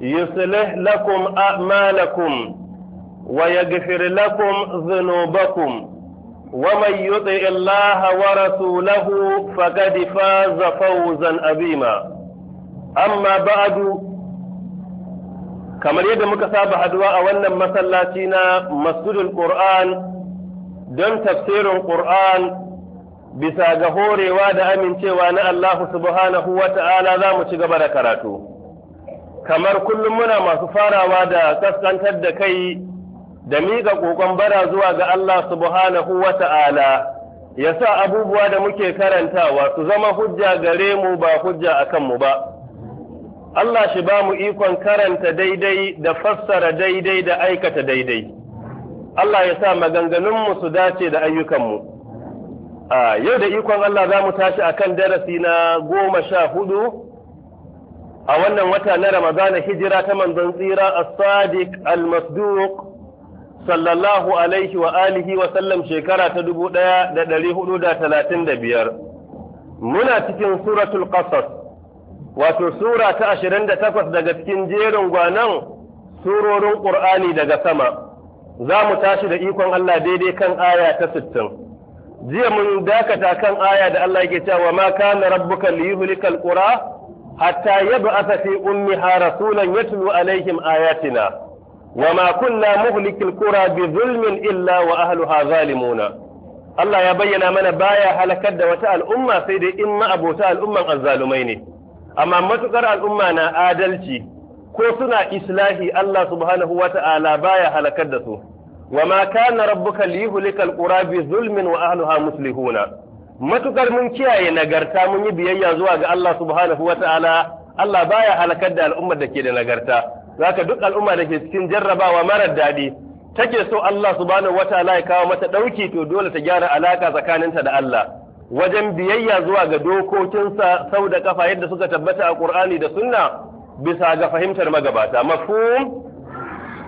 يصلح لكم أعمالكم ويغفر لكم ذنوبكم ومن يطع الله ورسوله فقد فاز فوزا عظيما أما بعد kamar yadda muka saba haduwa a wannan masallaci na masjidul Qur'an don tafsirin Qur'an bisa ga horewa da amincewa na Allahu subhanahu wa ta'ala za mu ci gaba da karatu. kamar kullum muna masu farawa da kaskantar da kai da miƙa ƙoƙon bara zuwa ga Allah subhanahu wa ta'ala ya sa abubuwa da muke karantawa su zama hujja gare mu ba hujja a kanmu ba. Allah shi ba mu ikon karanta daidai da fassara daidai da aikata daidai. Allah ya sa maganganunmu su dace da ayyukanmu. Yau da ikon Allah za mu tashi a kan darasi na goma sha hudu a wannan wata na Ramadana hijira ta manzon tsira a sadiq al-masduq sallallahu alaihi wa alihi wa sallam shekara ta dubu ɗaya da ɗari hudu da talatin da biyar muna cikin suratul qasas wato sura ta ashirin da takwas daga cikin jerin gwanan surorin ƙur'ani daga sama za mu tashi da ikon Allah daidai kan aya ta sittin jiya mun dakata kan aya da Allah yake cewa ma kana rabbuka liyuhlikal qura hatta yab'atha fi ummiha rasulan yatlu alaihim ayatina wama kunna muhlikil qura bi zulmin illa wa ahluha zalumuna. Allah ya bayyana mana baya halakar da wata al'umma sai dai in ma abota al'umman azzalumai ne amma matukar al'umma na adalci ko suna islahi Allah subhanahu wata ala baya halakar da su wama kana rabbuka liyuhlikal qura bi zulmin wa ahluha muslihuna matukar mun kiyaye nagarta mun yi biyayya zuwa ga Allah subhanahu wa ta'ala Allah baya halakar da al'ummar da ke da nagarta zaka duk al'umma da ke cikin jarrabawa marar daɗi take so Allah subhanahu wa ta'ala ya kawo mata ɗauki to dole ta gyara alaka tsakaninta da Allah wajen biyayya zuwa ga dokokinsa sau da kafa yadda suka tabbata a Qur'ani da Sunna bisa ga fahimtar magabata mafhum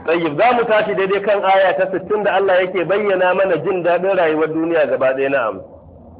tayyib za mu tashi daidai kan aya ta 60 da Allah yake bayyana mana jin daɗin rayuwar duniya gaba ɗaya na'am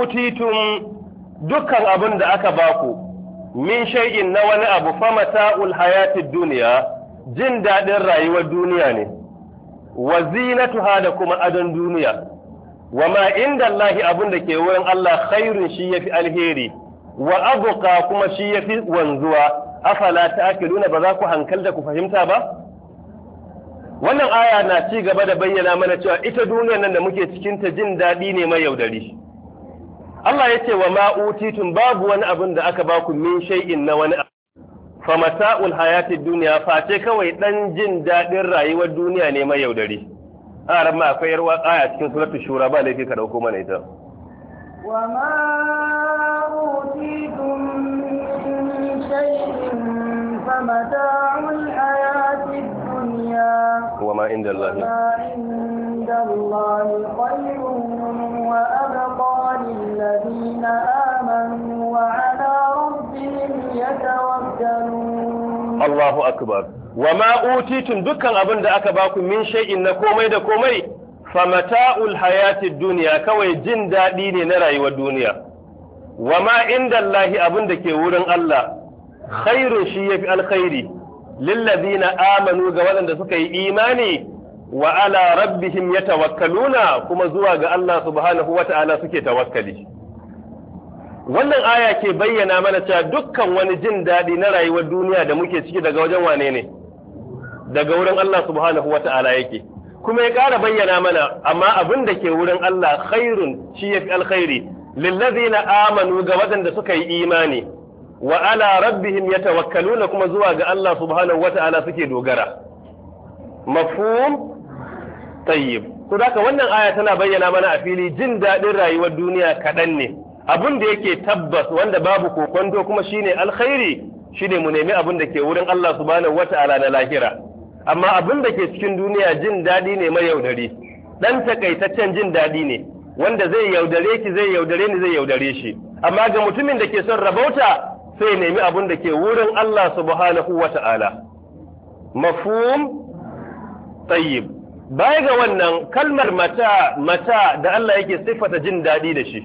utitum dukkan abin da aka baku min shay'in na wani abu fa mata'ul hayatid duniya jin dadin rayuwar duniya ne wa zinatuha da kuma adon duniya wa ma inda Allah abin da ke wurin Allah khairun shi yafi alheri wa abuka kuma shi yafi wanzuwa afala ta'qiluna ba za ku da ku fahimta ba wannan aya na ci gaba da bayyana mana cewa ita duniyar nan da muke cikin ta jin dadi ne mai yaudari Allah ya ce wa ma'utitun babu wani abin da aka baku min shay'in na wani fa mata'ul hayatid duniya face kawai dan jin daɗin rayuwar duniya ne mai yaudari a ran ma akwai yarwa a cikin suratul shura ba laifi ka ɗauko mana ita wa ma utitum min shay'in fa mata'ul hayatid dunya wa ma inda Allah عند الله خير وأبقى للذين آمنوا وعلى ربهم يتوكلون الله أكبر وما أوتيتم دكا أبن أكباكم من شيء نكومي دكومي فمتاع الحياة الدنيا كوي جن داديني نرأي والدنيا وما عند الله أبن دكي ورن الله خير شيء في الخير للذين آمنوا ga waɗanda suka yi imani wa ala rabbihim yatawakkaluna kuma zuwa ga Allah subhanahu wata'ala suke tawakkali wannan aya ke bayyana mana cewa dukkan wani jin daɗi na rayuwar duniya da muke ciki daga wajen wane ne daga wurin Allah subhanahu wata'ala yake kuma ya ƙara bayyana mana amma abin da ke wurin Allah khairun shi yafi alkhairi lillazina amanu ga waɗanda suka yi imani wa ala rabbihim yatawakkaluna kuma zuwa ga Allah subhanahu wata'ala suke dogara mafhum tayyib ko haka wannan aya tana bayyana mana a fili jin daɗin rayuwar duniya kaɗan ne abin da yake tabbas wanda babu kokonto kuma shine alkhairi shine mu nemi abin da ke wurin Allah subhanahu wata'ala na lahira amma abin da ke cikin duniya jin daɗi ne mai yaudare dan takaitaccen jin daɗi ne wanda zai yaudare ki zai yaudare ni zai yaudare shi amma ga mutumin da ke son rabauta sai nemi abin da ke wurin Allah subhanahu wata'ala mafhum tayyib baya ga wannan kalmar mata mata da Allah yake siffata jin daɗi da shi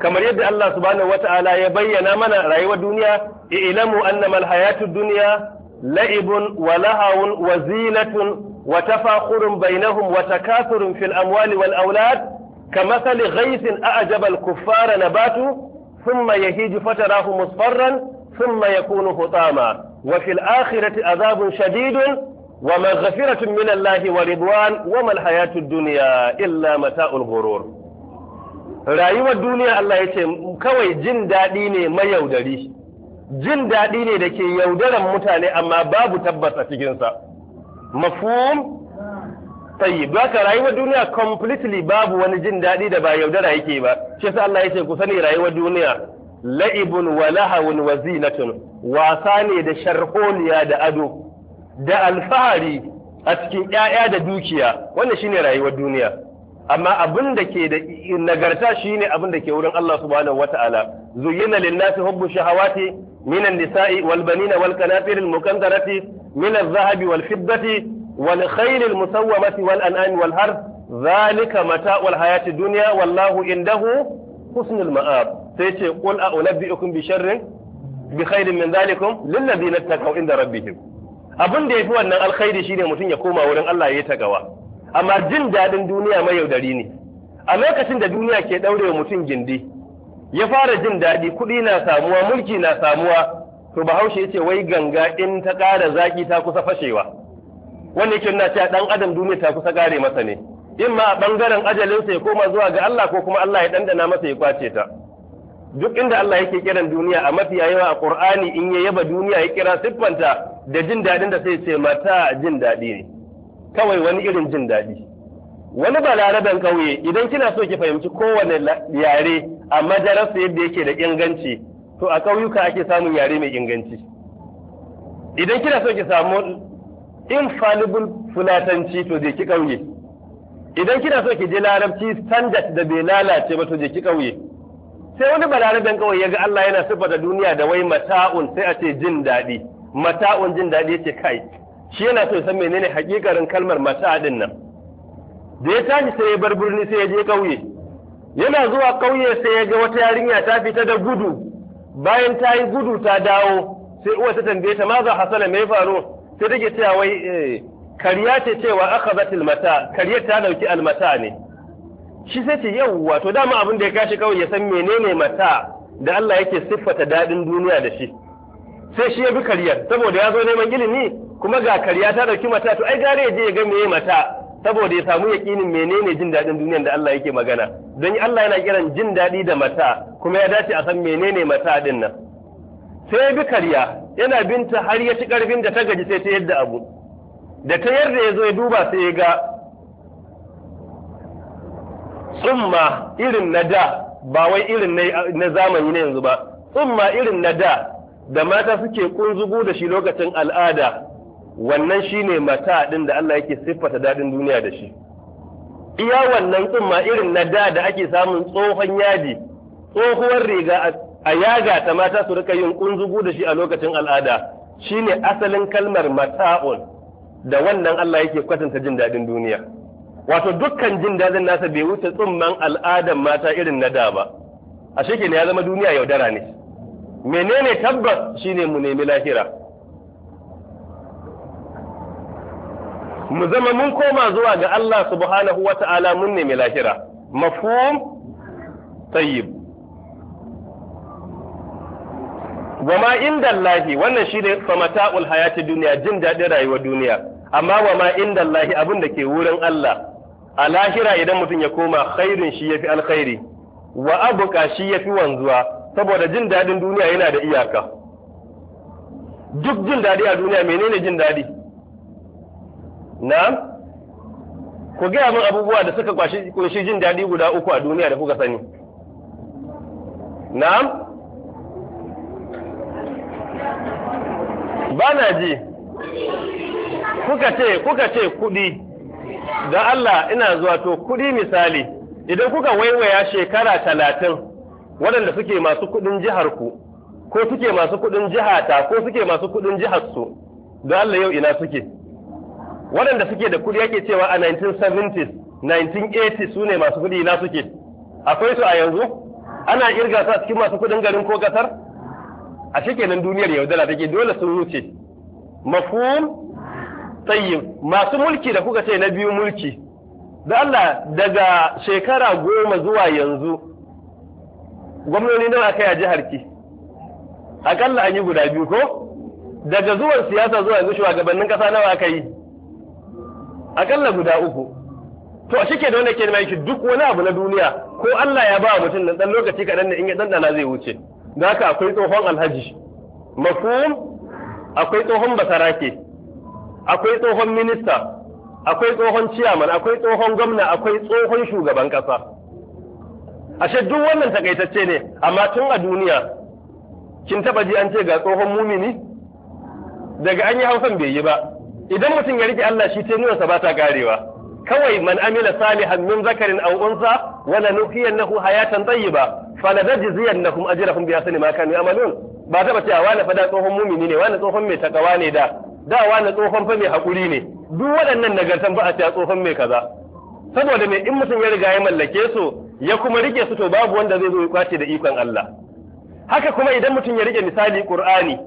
kamar yadda Allah subhanahu wata'ala ya bayyana mana rayuwar duniya ilamu annama alhayatud dunya la'ibun wa lahawun wa zinatun wa tafakhurun bainahum wa takathurun fil amwali wal aulad kamathali ghaythin a'jaba al-kuffara nabatu thumma yahiju fatarahu musfarran thumma yakunu hutama wa fil akhirati adhabun shadidun wa maghfiratun min Allah wa ridwan wa mal hayatud dunya illa mata'ul ghurur rayuwar duniya Allah yace kawai jin dadi ne mayaudari jin dadi ne dake yaudaran mutane amma babu tabbas a cikin sa mafhum tayyib haka rayuwar duniya completely babu wani jin dadi da ba yaudara yake ba shi yasa Allah yace ku sani rayuwar duniya la'ibun wa lahawun wa zinatun wasa ne da sharholiya da ado da alfahari a cikin ‘ya'ya da dukiya wannan shine rayuwar duniya amma abin da ke da nagarta shine abin da ke wurin Allah subhanahu wata'ala zuyyina lin-nasi hubbu shahawati minan nisa'i wal banina wal qanatir al minan zahabi wal fiddati wal khayl musawwamati wal an'ami wal harth dhalika hayati wallahu indahu husnul ma'ab sai ce qul a'unabbi'ukum bi sharrin bi khairin min dhalikum lil ladina taqaw inda rabbihim abin da ya fi wannan alkhairi shine mutum ya koma wurin Allah ya yi ta gawa amma jin daɗin duniya mai yaudari ne a lokacin da duniya ke ɗaure wa mutum gindi ya fara jin daɗi kuɗi na samuwa mulki na samuwa to bahaushe ce wai ganga in ta ƙara zaƙi ta kusa fashewa wanda yake nuna cewa ɗan adam duniya ta kusa ƙare masa ne in ma a ɓangaren ajalinsa ya koma zuwa ga Allah ko kuma Allah ya dandana masa ya kwace ta duk inda Allah yake kiran duniya a mafiya yawa a Kur'ani in ya yaba duniya ya kira siffanta da jin daɗin da sai ce mata jin daɗi ne kawai wani irin jin daɗi wani balaraben ƙauye idan kina so ki fahimci kowane yare a majalarsa yadda yake da inganci to a ƙauyuka ake samun yare mai inganci idan kina so ki samu infallible fulatanci to je ki ƙauye idan kina so ki je larabci standard da bai lalace ba to je ki ƙauye sai wani balaraben ƙauye ya ga Allah yana siffata duniya da wai mata'un sai a ce jin daɗi mata'un jin daɗi ce kai shi yana so san menene hakikarin kalmar mata din nan da ya tashi sai ya bar birni sai ya je ƙauye yana zuwa ƙauye sai ya ga wata yarinya ta fita da gudu bayan ta yi gudu ta dawo sai uwa ta tambaye ta ma za hasala mai faru sai take cewa wai eh, kariya ce cewa akhadhat mata kariya ta dauki almata ne shi sai ce yau, wato dama abin da ya kashe kawai ya san menene mata da Allah yake siffata daɗin duniya da shi sai shi ya bi kariyar saboda ya zo neman ilimi kuma ga kariya ta dauki mata to ai gare ya je ya ga meye mata saboda ya samu yakinin menene jin daɗin duniyar da Allah yake magana don Allah yana kiran jin daɗi da mata kuma ya dace a san menene mata din nan sai ya bi karya yana binta har ya ci karfin da ta gaji sai ta yadda abu da ta yarda ya zo ya duba sai ya ga tsumma irin na da ba wai irin na zamani ne yanzu ba tsumma irin na da da mata suke kunzugu da shi lokacin al'ada wannan shine mata ɗin da Allah yake siffata daɗin duniya da shi iya wannan tsumma irin na da da ake samun tsohon yadi tsohuwar riga a yaga ta mata su rika yin kunzugu da shi a lokacin al'ada shine asalin kalmar mata'un da wannan Allah yake kwatanta jin daɗin duniya wato dukkan jin daɗin nasa bai wuce tsumman al'adan mata irin na da ba a shi ya zama duniya yaudara ne menene tabbas shine mu nemi lahira mu zama mun koma zuwa ga Allah subhanahu wa ta'ala mun nemi lahira mafhum tayyib wa ma inda Allahi wannan shine famata'ul hayati duniya jin daɗin rayuwar duniya amma wa ma inda Allahi abin da ke wurin Allah a lahira idan mutum ya koma khairin shi yafi alkhairi wa abuka shi yafi wanzuwa saboda jin daɗin duniya yana da iyaka duk jin daɗi a duniya menene jin daɗi na ku gaya min abubuwa da suka kunshi jin daɗi guda uku a duniya da kuka sani na ba na ji kuka ce kuka ce kuɗi da Allah ina zuwa to kuɗi misali idan kuka waiwaya shekara talatin waɗanda suke masu kuɗin jihar ku ko suke masu kuɗin jihata ko suke masu kuɗin jihar su don Allah yau ina suke waɗanda suke da kuɗi yake cewa a 1970s 1980s su ne masu kuɗi ina suke akwai su a yanzu ana irga su a cikin masu kuɗin garin ko ƙasar a nan duniyar yaudara take dole sun wuce mafhum tayyib masu mulki da kuka ce na biyu mulki da Allah daga shekara goma zuwa yanzu gwamnoni nawa kai a jihar ki akalla an yi guda biyu ko daga zuwan siyasa zuwa yanzu shugabannin kasa nawa aka yi akalla guda uku to shi ke da wanda ke nema duk wani abu na duniya ko Allah ya ba mutum nan dan lokaci kaɗan ne in ya dandana zai wuce da haka akwai tsohon alhaji mafhum akwai tsohon basarake akwai tsohon minista akwai tsohon ciyaman akwai tsohon gwamna akwai tsohon shugaban kasa ashe duk wannan takaitacce ne amma tun a duniya kin taba ji an ce ga tsohon mumini daga an yi hausan bai yi ba idan mutum ya rike Allah shi tenuwarsa ba ta karewa kawai man amila salihan min zakarin aw unsa wa nuqiyannahu hayatan tayyiba falanajziyannahum ajrahum bi ahsani ma kanu yamalun ba ta bace wani fa da tsohon mumini ne wani tsohon mai takawa ne da da wani tsohon fa mai hakuri ne duk waɗannan nagartan ba a cewa tsohon mai kaza saboda me in mutum ya riga ya mallake su ya kuma rike su to babu wanda zai zo ya kwace da ikon Allah haka kuma idan mutum ya rike misali Qur'ani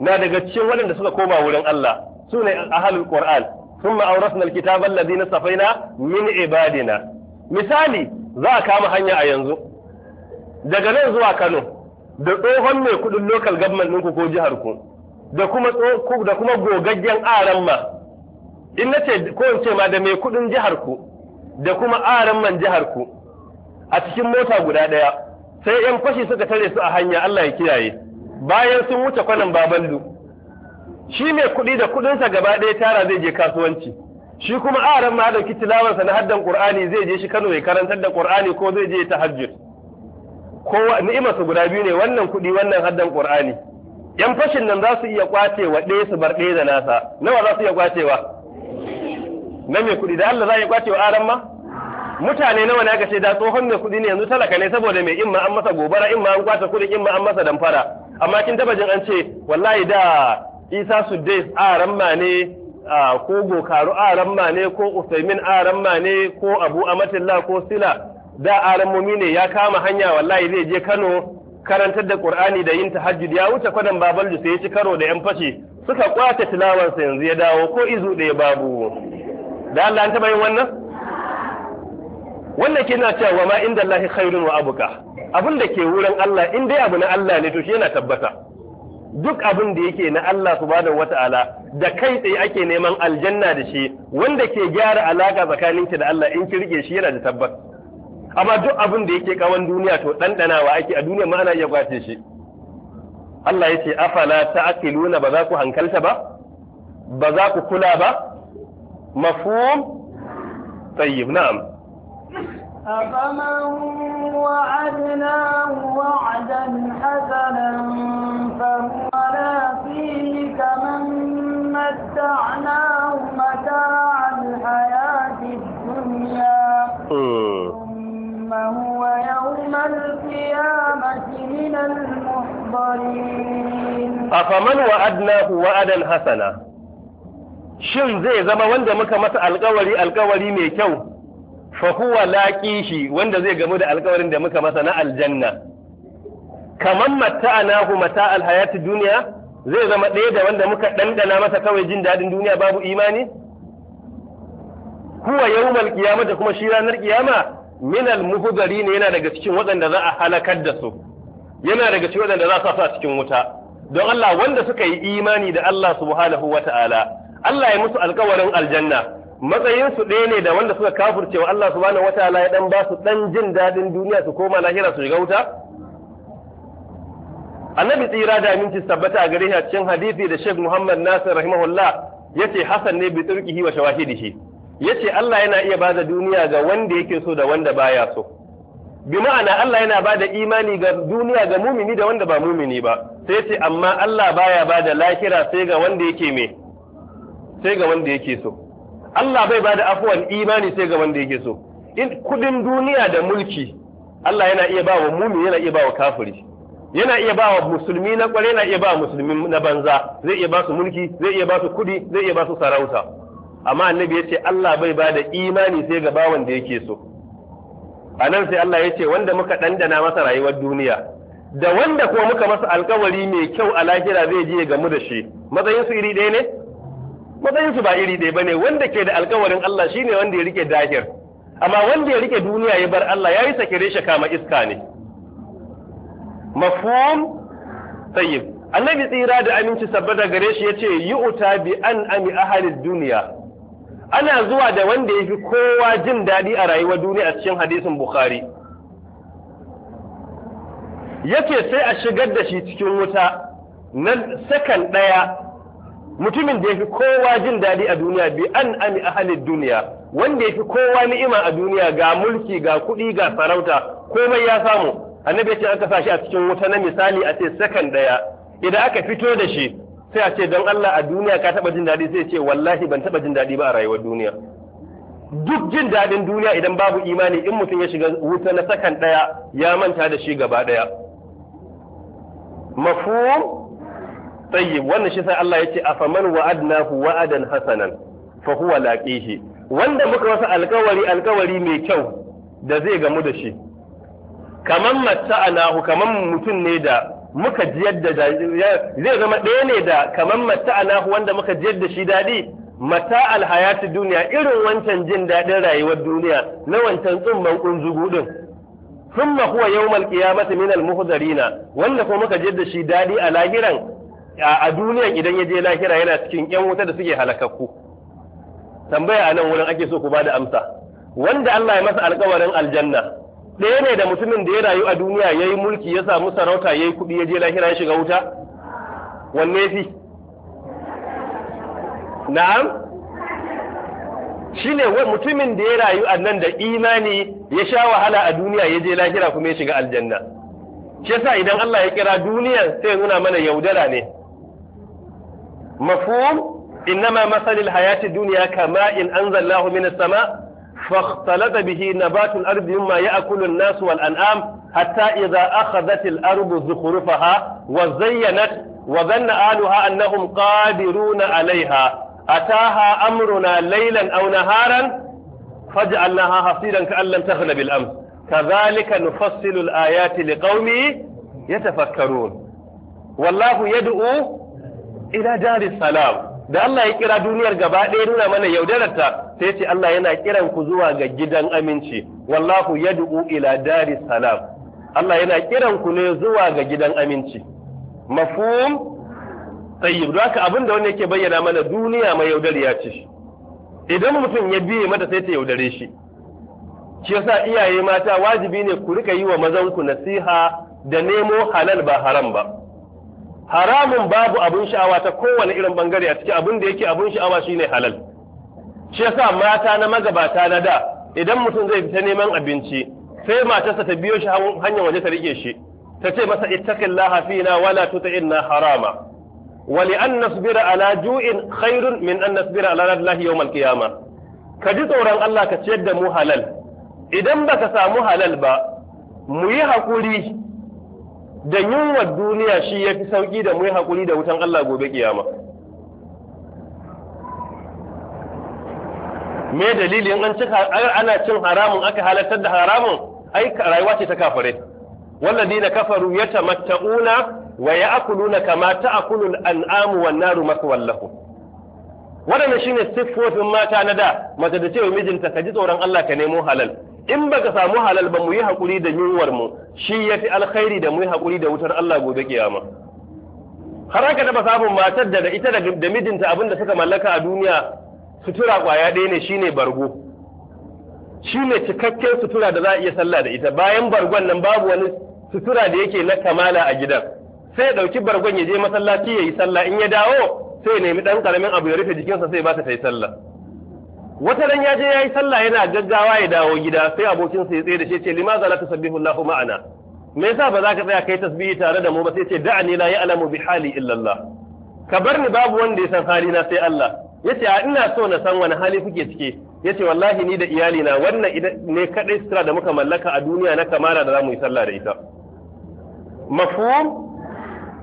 na daga cikin waɗanda suka koma wurin Allah sune ahlul Qur'an thumma awrasnal kitaba alladhina safaina min ibadina misali za a kama hanya a yanzu daga nan zuwa Kano da tsohon mai kudin local government ɗinku ko jihar ku da kuma da kuma gogaggen aran ma in nace ko in ce ma da mai kudin jihar ku da kuma aran man jihar ku a cikin mota guda ɗaya sai ‘yan fashi suka tare su a hanya Allah ya kiyaye bayan sun wuce kwanan babandu shi mai kuɗi da kuɗinsa gaba ɗaya tara zai je kasuwanci shi kuma ran ma ɗauki tilawarsa na haddan Qur'ani zai je shi Kano ya karantar da Qur'ani ko zai je ta hajjir ko ni'imarsa guda biyu ne wannan kuɗi wannan haddan Qur'ani ‘yan fashin nan za su iya kwacewa ɗaya su bar ɗaya da nasa nawa za su iya kwacewa na mai kuɗi da Allah za ya kwacewa aran ma mutane nawa ne aka ce da tsohon mai kuɗi ne yanzu talaka ne saboda mai imma an masa gobara imma an kwace kuɗin imma an masa damfara amma kin taba jin an ce wallahi da Isa Sudais a ramma ne ko Gokaru a mane ne ko Usaimin a ne ko Abu Amatillah ko Sila da aramomi ne ya kama hanya wallahi zai je Kano karantar da Qur'ani da yin tahajjud ya wuce babal da sai ya ci karo da yan fashi suka kwace tilawarsa yanzu ya dawo ko izu ɗaya babu da Allah an taba yin wannan wannan ke na cewa ma inda ya khairun wa abuka abin da ke wurin Allah in dai abu na Allah ne to shi yana tabbata duk abin da yake na Allah subhanahu wata'ala da kai tsaye ake neman aljanna da shi wanda ke gyara alaka tsakaninki da Allah in ki rike shi yana da tabbas amma duk abin da yake kawan duniya to ɗanɗanawa ake a duniya ma ana iya kwace shi Allah ya ce afala ta'qiluna ba za ku hankalta ba ba za ku kula ba mafhum tayyib na'am أفمن وعدناه وعدا حسنا فهو لاقيه كمن متعناه متاع الحياة الدنيا ثم هو يوم القيامة من المحضرين أفمن وعدناه وعدا حسنا shin zai zama wanda muka masa alkawari alkawari mai kyau fa huwa shi wanda zai gamu da alƙawarin da muka masa na aljanna kaman mata'anahu mata hayati duniya zai zama ɗaya da wanda muka ɗanɗana masa kawai jin daɗin duniya babu imani huwa yawmal qiyamah da kuma shi ranar kiyama minal muhudari ne yana daga cikin waɗanda za a halakar da su yana daga cikin waɗanda za su a cikin wuta don Allah wanda suka yi imani da Allah subhanahu wata'ala Allah ya musu alkawarin aljanna matsayin su ɗaya ne da wanda suka kafurce wa Allah subhanahu wataala ya ɗan ba su dan jin daɗin duniya su koma lahira su shiga wuta annabi tsira da aminci tabbata a gare shi a cikin hadisi da Sheikh Muhammad Nasir rahimahullah yace Hassan ne bi turkihi wa Ya yace Allah yana iya bada duniya ga wanda yake so da wanda baya so bi ma'ana Allah yana bada imani ga duniya ga mumini da wanda ba mumini ba sai yace amma Allah baya bada lahira sai ga wanda yake me sai ga wanda yake so Allah bai ba da afuwan imani sai ga wanda yake so in kudin duniya da mulki Allah yana iya ba wa mumi yana iya ba wa kafiri yana iya ba wa musulmi na kware yana iya ba wa musulmi na banza zai iya ba su mulki zai iya ba su kudi zai iya ba su sarauta amma annabi yace Allah bai bada imani sai ga bawan da yake so a nan sai Allah yace wanda muka dandana masa rayuwar duniya da wanda kuma muka masa alkawari mai kyau a lahira zai je gamu da shi matsayin su iri ɗaya ne matsayinsu ba iri ɗaya bane wanda ke da alkawarin Allah shine wanda ya rike dahir amma wanda ya rike duniya ya bar Allah ya yi sakire shi kama iska ne mafhum tayyib annabi tsira da aminci sabbata gare shi yace yu'ta bi an ami halin duniya ana zuwa da wanda yafi kowa jin daɗi a rayuwar duniya a cikin hadisin bukhari yace sai a shigar da shi cikin wuta na sakan ɗaya mutumin da yafi kowa jin daɗi a duniya bi an ami ahalid duniya wanda yafi kowa ni'ima a duniya ga mulki ga kuɗi ga sarauta komai ya samu annabi ya ce aka sa shi a cikin wuta na misali a ce sakan ɗaya idan aka fito da shi sai a ce don Allah a duniya ka taɓa jin daɗi sai ce wallahi ban taɓa jin daɗi ba a rayuwar duniya duk jin daɗin duniya idan babu imani in mutum ya shiga wuta na sakan ɗaya ya manta da shi gaba ɗaya mafhum tayyib wannan shi sai Allah yace afaman wa'adnahu wa'adan hasanan fa huwa laqihi wanda muka masa alkawari alkawari mai kyau da zai gamu da shi kaman matta'anahu kaman mutum ne da muka jiyar da zai zama ɗaya ne da kaman matta'anahu wanda muka jiyar da shi dadi mata alhayati duniya irin wancan jin daɗin rayuwar duniya na wancan tsumman kunzugu din thumma huwa yawmal qiyamati minal muhdarina wanda kuma muka jiyar da shi dadi a lahiran a duniya idan ya je lahira yana cikin yan wuta da suke halakakku tambaya a nan wurin ake so ku bada amsa wanda Allah ya masa alkawarin aljanna ɗaya ne da mutumin da ya rayu a duniya ya yi mulki ya samu sarauta ya yi kuɗi ya je lahira ya shiga wuta wanne fi na'am shi ne mutumin da ya rayu a nan da imani ya sha wahala a duniya ya je lahira kuma ya shiga aljanna shi yasa idan Allah ya kira duniya sai nuna mana yaudara ne مفهوم إنما مثل الحياة الدنيا كماء إن أنزل الله من السماء فاختلط به نبات الأرض مما يأكل الناس والأنعام حتى إذا أخذت الأرض زخرفها وزينت وظن أهلها أنهم قادرون عليها أتاها أمرنا ليلا أو نهارا فجعلناها حصيرا كأن لم تغن بالأمس كذلك نفصل الآيات لقوم يتفكرون والله يدعو ila dari salam da Allah ya kira duniyar gaba ɗaya nuna mana yaudararta sai ce Allah yana kiran ku zuwa ga gidan aminci wallahu yad'u ila dari salam Allah yana kiran ku ne zuwa ga gidan aminci mafhum tayyib don haka abin da wanda yake bayyana mana duniya mai yaudariya ce idan mutum ya biye mata sai ta yaudare shi shi yasa iyaye mata wajibi ne ku rika yi wa mazanku nasiha da nemo halal ba haram ba haramun babu abun sha'awa ta kowane irin bangare a cikin abin da yake abun sha'awa shine halal shi yasa mata na magabata na da idan mutum zai fita neman abinci sai matarsa ta biyo shi hanyar waje ta rike shi ta ce masa ittaqillaha fina wala na harama wali an an nasbira ala ju'in khairun min an nasbira ala radlahi yawm al ka ji tsoron Allah ka ciyar da mu halal idan baka samu halal ba mu yi hakuri da yunwar duniya shi ya fi sauƙi da mai hakuri haƙuri da wutan Allah gobe kiyama. Me dalili an cika ana cin haramun aka halartar da haramun ai rayuwa ce ta kafare. Walladina kafaru yatamatta'una wa ya'kuluna kama a al-an'amu wan naru maswallahu. waɗanda shine siffofin mata na da mace da cewa mijinta ka ji tsoron Allah ka nemo halal in baka samu halal ba mu yi hakuri da yunwar mu shi yafi alkhairi da mu yi hakuri da wutar Allah gobe kiyama har aka taba samun matar da ita da mijinta abin da suka mallaka a duniya sutura kwaya ɗaya ne shine bargo shine cikakken sutura da za a iya sallah da ita bayan bargon nan babu wani sutura da yake na kamala a gidan sai ya dauki bargon ya je masallaci ya yi sallah in ya dawo sai ya nemi dan karamin abu ya rufe jikinsa sai ba ta yi sallah wata ran ya je ya yi sallah yana gaggawa ya dawo gida sai abokinsa ya tsaye da shi ce limaza la tusabbihu Allahu ma'ana me yasa ba za ka tsaya kai tasbihi tare da mu ba sai ce da'ani la ya'lamu bi hali illa Allah ka bar ni babu wanda ya san hali na sai Allah yace a ina so na san wani hali kuke cike yace wallahi ni da iyali na wannan ne kadai sutura da muka mallaka a duniya na kamara da zamu yi sallah da ita mafhum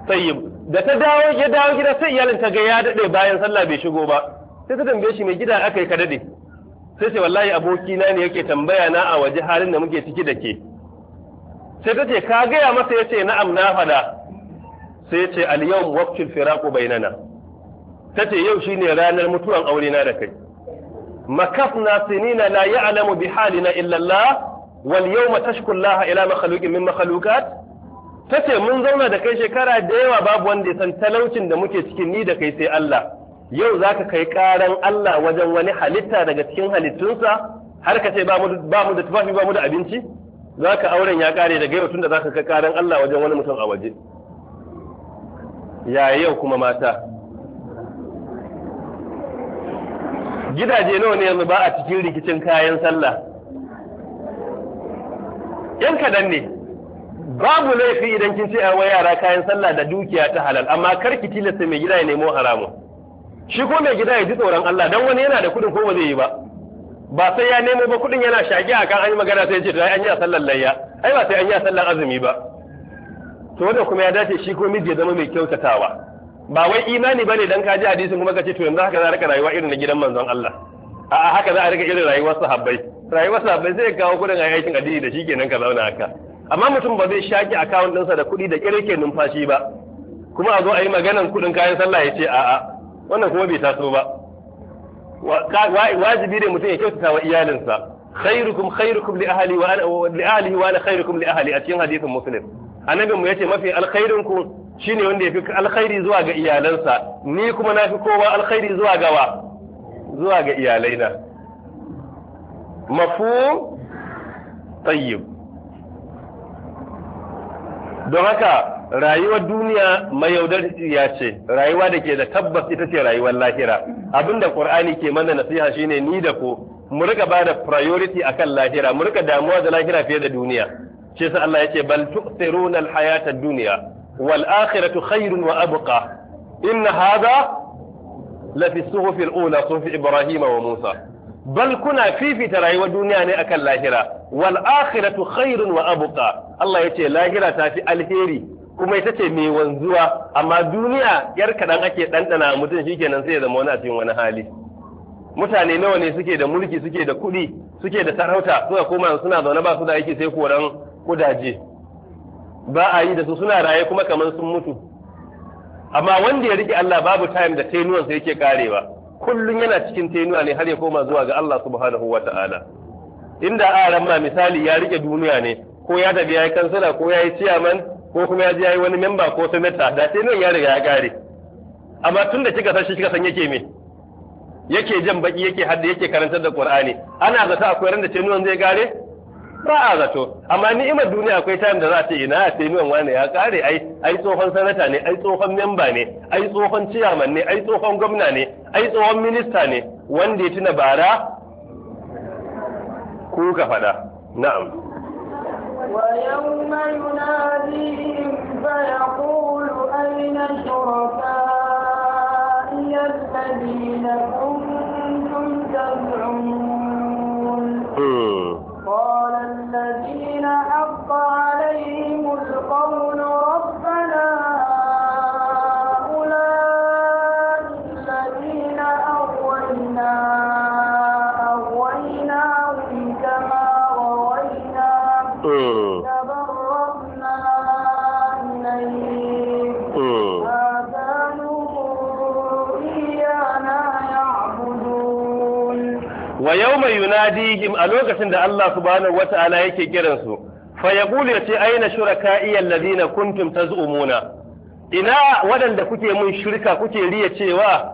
tayyib da ta dawo ya dawo gida sai iyalin ta ga ya dade bayan sallah bai shigo ba sai ta tambaye shi mai gida aka yi ka dade sai ce wallahi aboki na ne yake tambaya na a waje halin da muke ciki da ke sai ta ce ka gaya masa ya ce na'am na fada sai ya ce al-yawm waqtul firaqu bainana ta ce yau shine ranar mutuwan aure na da kai makafna sinina la ya'lamu bi halina illa Allah wal yawma tashku Allah ila makhluqin min makhluqat ta ce mun zauna da kai shekara da yawa babu wanda ya san talaucin da muke cikin ni da kai sai Allah yau za ka kai karan Allah wajen wani halitta daga cikin halittunsa har ka ce ba mu da tufafi ba mu da abinci za ka auren ya kare da yau tunda za ka kai karan Allah wajen wani mutum a waje ya yau kuma mata gidaje nawa ne yanzu ba a cikin rikicin kayan sallah yan kadan ne babu laifi idan kin ce a wai yara kayan sallah da dukiya ta halal amma kar ki tilasta mai gida ya nemo haramun shi ko mai gida ya ji tsoron Allah dan wani yana da kuɗin ko ba zai yi ba ba sai ya nemo ba kuɗin yana shaki akan an yi magana sai ya ce to an yi a sallar layya ai ba sai an yi a sallar azumi ba to wanda kuma ya dace shi ko miji ya zama mai kyautatawa ba wai imani bane dan ka ji hadisin kuma ka ce to yanzu haka za rika rayuwa irin na gidan manzon Allah a'a haka za a rika irin rayuwar sahabbai rayuwar sahabbai zai kawo kuɗin a addini da shi kenan ka zauna haka amma mutum ba zai shaƙi akawun ɗinsa da kuɗi da ƙirƙe numfashi ba kuma a zo a yi maganan kuɗin kayan sallah ya ce a'a wannan kuma bai taso ba wajibi ne mutum ya kyautata wa iyalinsa khairukum khairukum li ahli wa ana li ahli wa ana khairukum li ahli a cikin hadisin muslim annabi mu yace mafi alkhairin ku shine wanda yafi alkhairi zuwa ga iyalansa ni kuma nafi kowa alkhairi zuwa ga wa zuwa ga iyalaina mafhum tayyib don haka rayuwar duniya mai ya ce rayuwa da ke da tabbas ita ce rayuwar lahira abinda qur'ani ke mana nasiha shine ni da ku mu rika ba da priority akan lahira mu rika damuwa da lahira fiye da duniya shi yasa Allah yace bal tu'thiruna al-hayata dunya wal akhiratu khairun wa abqa inna hadha la fi suhuf al-ula suhuf ibrahima wa musa bal kuna fifita rayuwar duniya ne akan lahira wal akhiratu khairun wa abqa Allah yace lahira ta fi alheri kuma ita ce mai wanzuwa amma duniya yar kadan ake dandana mutum shikenan sai ya zama wani a hali mutane nawa ne suke da mulki suke da kuɗi suke da sarauta suka koma suna zaune ba su da aiki sai koran kudaje ba a yi da su suna raye kuma kamar sun mutu amma wanda ya rike Allah babu time da tenuwan sa yake karewa Kullum yana cikin tenuwa ne har ya koma zuwa ga Allah subhanahu wa ta'ala inda aran ma misali ya rike duniya ne ko ya tafi yayi kansila ko yayi chairman ko kuma ya yayi wani memba ko senator da ne ya riga ya kare amma tun da kika san shi kika san yake me yake jan baki yake hadda yake karantar da Qur'ani ana zata akwai ran da tenuwan zai gare ba a zato amma ni'imar duniya akwai tayin da za ta ina a ce miyan wani ya kare ai ai tsohon sanata ne ai tsohon memba ne ai tsohon chairman ne ai tsohon gwamna ne ai tsohon minista ne wanda ya tuna bara ku ka faɗa na'am ويوم يناديهم فيقول أين شركائي الذين كنتم تزعمون قال الذين حق عليهم القول ربنا yunadihim a lokacin da Allah subhanahu wata'ala yake kiran su fa yaqulu yace aina shuraka'i alladhina kuntum taz'umuna ina waɗanda kuke mun shirka kuke riya cewa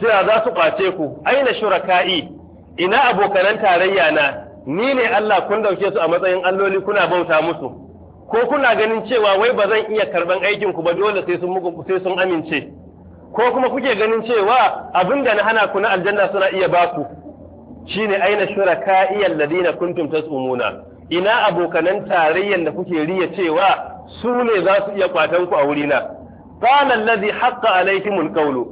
tira za su kwace ku aina shuraka'i ina abokanan tarayya na ni ne Allah kun dauke su a matsayin alloli kuna bauta musu ko kuna ganin cewa wai ba zan iya karban aikin ku ba dole sai sun sai sun amince ko kuma kuke ganin cewa abinda na hana ku na aljanna suna iya baku shine aina shuraka'i alladina kuntum tasumuna ina abokanan tarayyan da kuke riya cewa su ne za su iya kwatan ku a wurina qala allazi haqqa alaykimul qawlu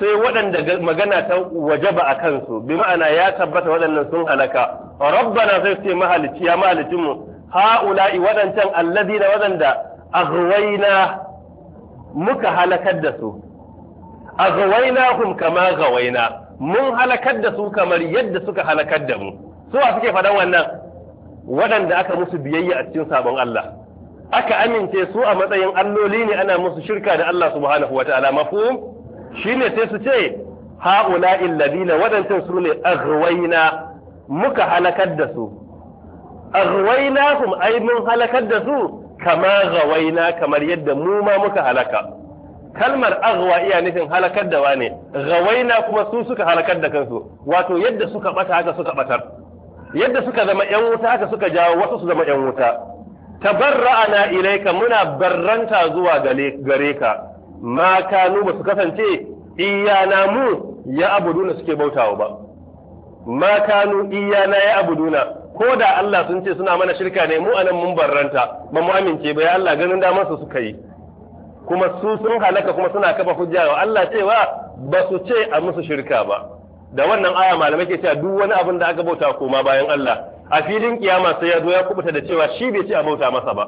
sai waɗanda magana ta wajaba a kansu bi ma'ana ya tabbata waɗannan sun halaka rabbana sai ce mahalicci ya mahalicin mu ha'ula'i waɗancan alladina waɗanda aghwayna muka halakar da su aghwaynahum kama gawaina mun halakar da su kamar yadda suka halakar da mu suwa suke faɗan wannan waɗanda aka musu biyayya a cikin sabon Allah aka amince su a matsayin alloli ne ana musu shirka da Allah subhanahu wataala mafhum shine sai su ce haula illazina waɗancan su ne aghwayna muka halakar da su aghwaynahum ai mun halakar da su kama gawaina kamar yadda mu ma muka halaka kalmar aghwa iya nufin halakar da wane gawaina kuma su suka halakar da kansu wato yadda suka bata haka suka batar yadda suka zama yan wuta haka suka jawo wasu su zama yan wuta tabarra'ana ilaika muna barranta zuwa gare ka ma kanu ba su kasance iyana mu ya abuduna suke bautawa ba ma kanu iyana ya abuduna ko da Allah sun ce suna mana shirka ne mu anan mun barranta ba mu amince ba ya Allah ganin damar su suka yi kuma su sun halaka kuma suna kafa hujja wa Allah cewa ba su ce a musu shirka ba da wannan aya malamai ke cewa duk wani abin da aka bauta koma bayan Allah a filin kiyama sai ya zo ya kubuta da cewa shi bai ce a bauta masa ba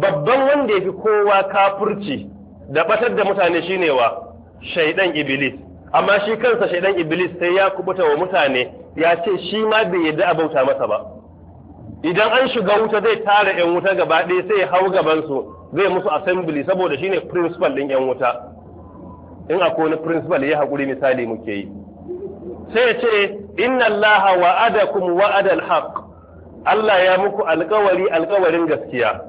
babban wanda yafi kowa kafurci da batar da mutane shine wa shaidan iblis amma shi kansa shaidan iblis sai ya kubuta wa mutane ya ce shi ma bai yadda a bauta masa ba idan an shiga wuta zai tara yan wuta gaba ɗaya sai ya hau gaban su zai musu assembly saboda shine principal din yan wuta in akwai wani principal ya haƙuri misali muke yi sai ya ce inna Allah wa'adakum wa'adal haqq Allah ya muku alƙawari alƙawarin gaskiya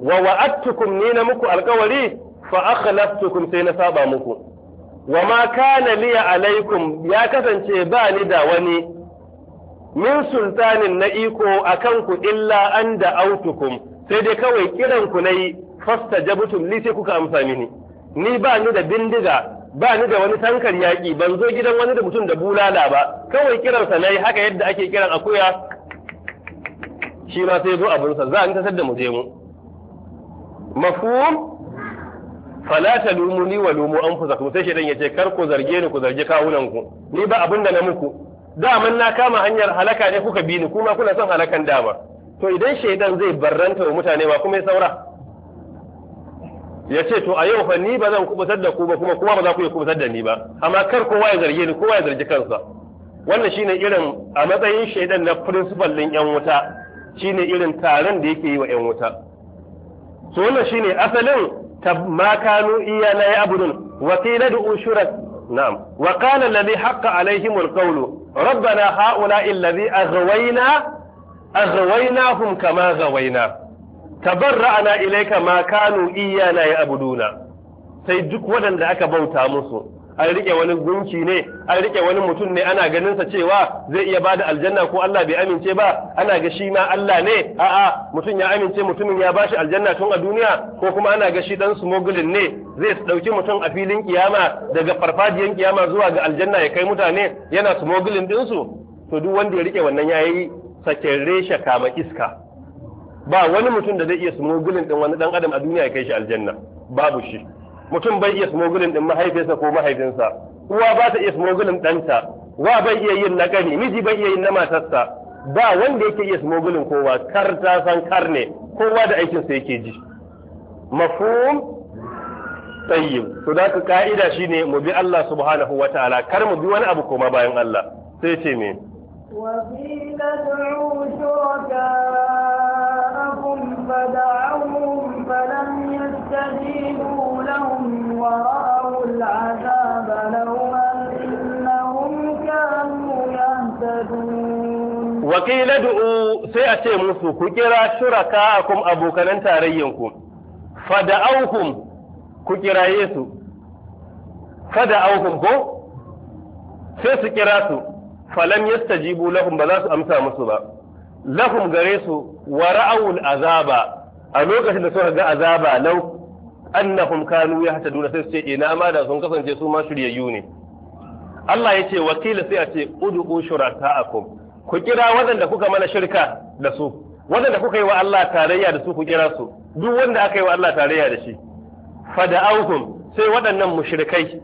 wa wa'adtukum ni na muku alƙawari fa akhlaftukum sai na saba muku wa ma kana li alaikum ya kasance ba ni da wani min sultanin na iko akan ku illa an da autukum sai dai kawai kiran ku nayi fastajabtum ni sai kuka amsa mini ni ba ni da bindiga ba ni da wani tankar yaƙi ban zo gidan wani da mutum da bulala ba kawai kiransa na yi haka yadda ake kiran akuya shi ma sai zo abinsa za a tasar da mu je mu mafhum fala ta ni wa lumu an fusa sai shi ya ce kar ku zarge ni ku zargi kawunan ku ni ba abin da na muku daman na kama hanyar halaka ne kuka bi ni kuma kuna son halakan dama to idan shaidan zai barranta wa mutane ba kuma ya saura ya ce to a yau fa ni ba zan kubutar da ku ba kuma kuma ba za ku iya kubutar da ni ba amma kar kowa ya zarge ni kowa ya zargi kansa wannan shine irin a matsayin shaidan na principal din yan wuta shine irin taron da yake yi wa yan wuta so wannan shine asalin ma kanu iyana ya abudun wa qila du'u shurak na'am wa qala alladhi haqqa alaihim alqawlu rabbana ha'ula'i alladhi aghwayna aghwaynahum kama ghawaynah tabarra'ana ilaika ma kanu iyana ya abuduna sai duk waɗanda aka bauta musu an rike wani gunki ne an rike wani mutum ne ana ganin sa cewa zai iya bada aljanna ko Allah bai amince ba ana ga shi ma Allah ne a'a mutum ya amince mutumin ya bashi aljanna tun a duniya ko kuma ana ga shi dan smuggling ne zai dauki mutum a filin kiyama daga farfajiyan kiyama zuwa ga aljanna ya kai mutane yana smuggling din su to duk wanda ya rike wannan yayi sakin resha kama iska ba wani mutum da zai iya smuggling din wani dan adam a duniya ya kai shi aljanna babu shi mutum bai iya smuggling din mahaifinsa ko mahaifinsa uwa ba ta iya smuggling ɗanta wa bai iya yin na gani miji bai iya yin na matarsa ba wanda yake iya smuggling kowa kar ta san kar ne kowa da aikin sa yake ji mafhum tayyib to da ka ka'ida shine mu bi Allah subhanahu wataala kar mu bi wani abu koma bayan Allah sai ce me وقيل ادعوا شركاء جاءكم فدعوهم فلم يستجيبوا لهم ورأوا العذاب musu ku kira shuraka'akum ku kiraye su fada'auhum ko sai su kira su falam yastajibu lahum ba za su amsa musu ba lahum gare su wa ra'awul azaba a lokacin da suka ga azaba lau annahum kanu yahtaduna sai su ce ina ma da sun kasance su ma shiryayyu ne Allah ya ce wakila sai a ce ud'u shuraka'akum ku kira waɗanda kuka mana shirka da su waɗanda kuka yi wa Allah tarayya da su ku kira su duk wanda aka yi wa Allah tarayya da shi fada'auhum sai waɗannan mushrikai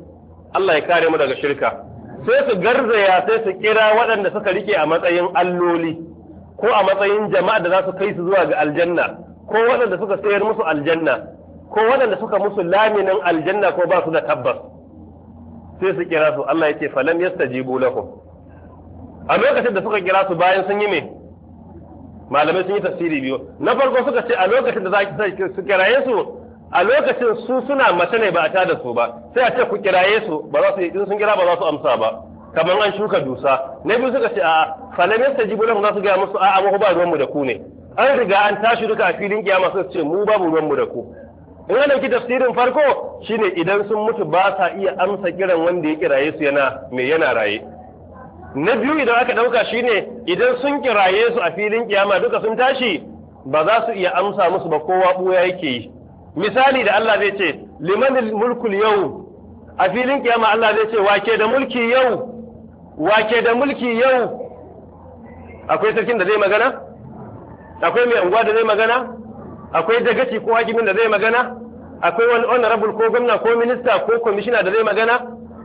Allah ya kare mu daga shirka sai su garzaya sai su kira waɗanda suka rike a matsayin alloli ko a matsayin jama'a da za su kai su zuwa ga aljanna ko waɗanda suka sayar musu aljanna ko waɗanda suka musu laminin aljanna ko ba su da tabbas sai su kira su Allah yake falam yastajibu lahum a lokacin da suka kira su bayan sun yi me malamai sun yi tafsiri biyu na farko suka ce a lokacin da za su kiraye su a lokacin su suna mace ne ba a tada su ba sai a ce ku kiraye su ba za su yi sun kira ba za su amsa ba kamar an shuka dusa na biyu suka ce a falam yasta lahum za su ga musu a'a mu ba ruwan mu da ku ne an riga an tashi duka a filin kiyama sai ce mu babu ruwan mu da ku in ana ki tafsirin farko shine idan sun mutu ba sa iya amsa kiran wanda ya kiraye su yana me yana raye na biyu idan aka dauka shine idan sun kiraye su a filin kiyama duka sun tashi ba za su iya amsa musu ba kowa buya yake yi misali da Allah zai ce liman mulkul yau a filin kiyama Allah zai ce wake da mulki yau wake da mulki yau akwai sarkin da zai magana akwai mai unguwa da zai magana akwai dagaci ko hakimin da zai magana akwai wani honorable ko gwamna ko minista ko komishina da zai magana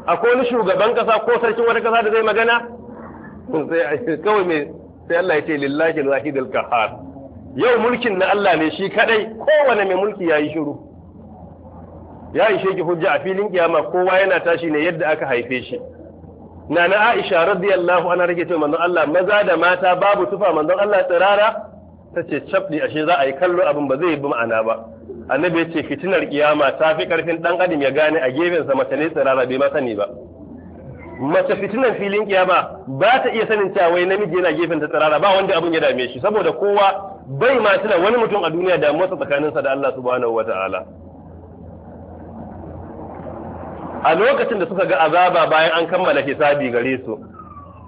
akwai wani shugaban kasa ko sarkin wata kasa da zai magana kawai mai sai Allah ya ce lillahi al-wahidul qahhar yau mulkin na Allah ne shi kadai kowane mai mulki yayi shiru ya ishe ki hujja a filin kiyama kowa yana tashi ne yadda aka haife shi na Aisha radiyallahu anha rage ta manzon Allah maza da mata babu tufa manzon Allah tsirara tace chafdi ashe za a yi kallo abin ba zai bi ma'ana ba annabi ya ce fitinar kiyama ta fi karfin dan adam ya gane a gefen sa mace ne tsirara bai ma ba mace fitinar filin kiyama ba ta iya sanin cewa wai namiji yana gefen ta tsirara ba wanda abin ya dame shi saboda kowa bai ma tuna wani mutum a duniya da motsa tsakaninsa da Allah subhanahu wataala a lokacin da suka ga azaba bayan an kammala hisabi gare su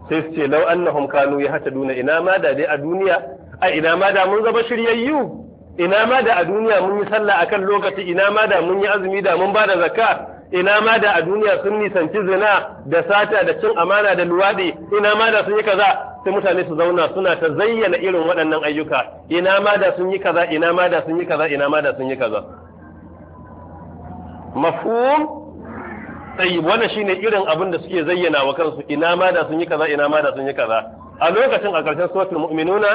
sai su ce lau annahum kanu duna ina ma da dai a duniya a ina ma da mun zama shiryayyu ina ma da a duniya mun yi sallah akan lokaci ina ma da mun yi azumi da mun bada zakka ina ma da a duniya sun nisanci zina da sata da cin amana da luwadi ina ma da sun yi kaza sai mutane su zauna suna ta zayyana irin waɗannan ayyuka ina ma da sun yi kaza ina ma da sun yi kaza ina ma da sun yi kaza mafhum sai wannan shine irin abin da suke zayyana wa kansu ina ma da sun yi kaza ina ma da sun yi kaza a lokacin a ƙarshen suratul mu'minuna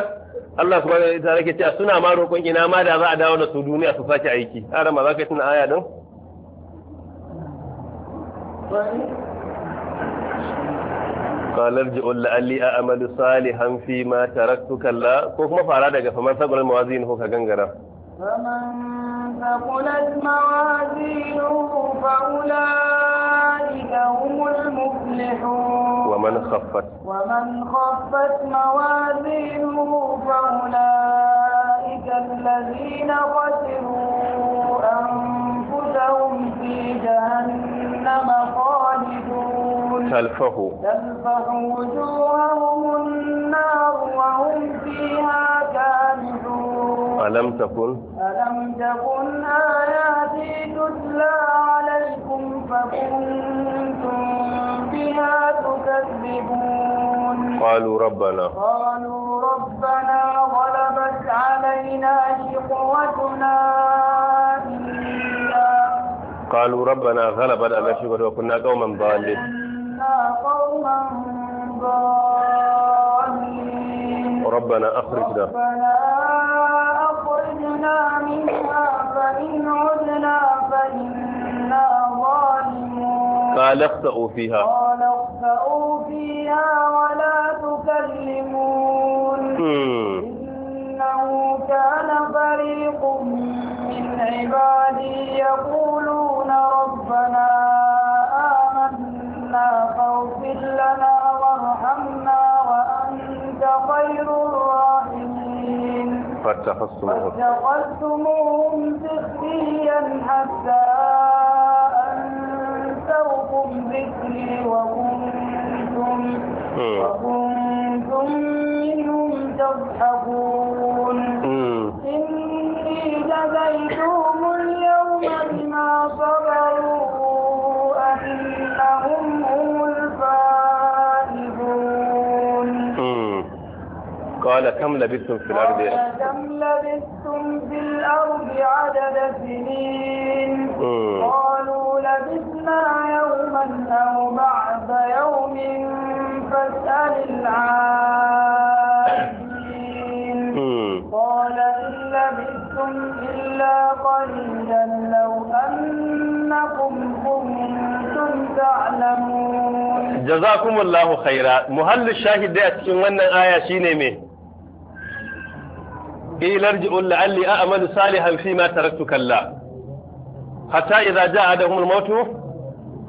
Allah subhanahu wa ta'ala yake cewa suna ma roƙon ina ma da za a dawo da su duniya su saki aiki ara ma za ka tuna aya din قال ارجع لعلي اعمل صالحا فيما تركت كلا ko kuma fara daga faman sabal mawazinuhu ka gangara ثقلت موازينه فأولئك هم المفلحون ومن خفت ومن خفت موازينه فأولئك الذين خسروا أنفسهم في جهنم خالدون تلفه تلفه وجوههم النار وهم فيها كامحون ألم تكن ألم تكن آياتي تتلى عليكم فكنتم بها تكذبون قالوا ربنا قالوا ربنا غلبت علينا شقوتنا قالوا ربنا غلب على شقوتنا وكنا قوما ضالين قوما ضالين ربنا أخرجنا ربنا أخرجنا منها فإن عدنا فإنا ظالمون قال اخسأوا فيها قال اخسأوا فيها ولا تكلمون إنه كان فريق من عبادي واتخذتموهم واتخذتموهم سخريا حتى أنسوكم ذكري وكنتم وكنتم منهم تضحكون قال كم لبثتم في الأرض كم لبثتم في الأرض عدد سنين قالوا لبثنا يوما أو بعض يوم فاسأل العادين قال إن لبثتم إلا قليلا لو أنكم كنتم تعلمون جزاكم الله خيرا مهل الشاهد ده أتكلم آية شيني مين قيل ارجعوا لعلي أعمل صالحا فيما تركت كلا حتى إذا جاء أحدهم الموت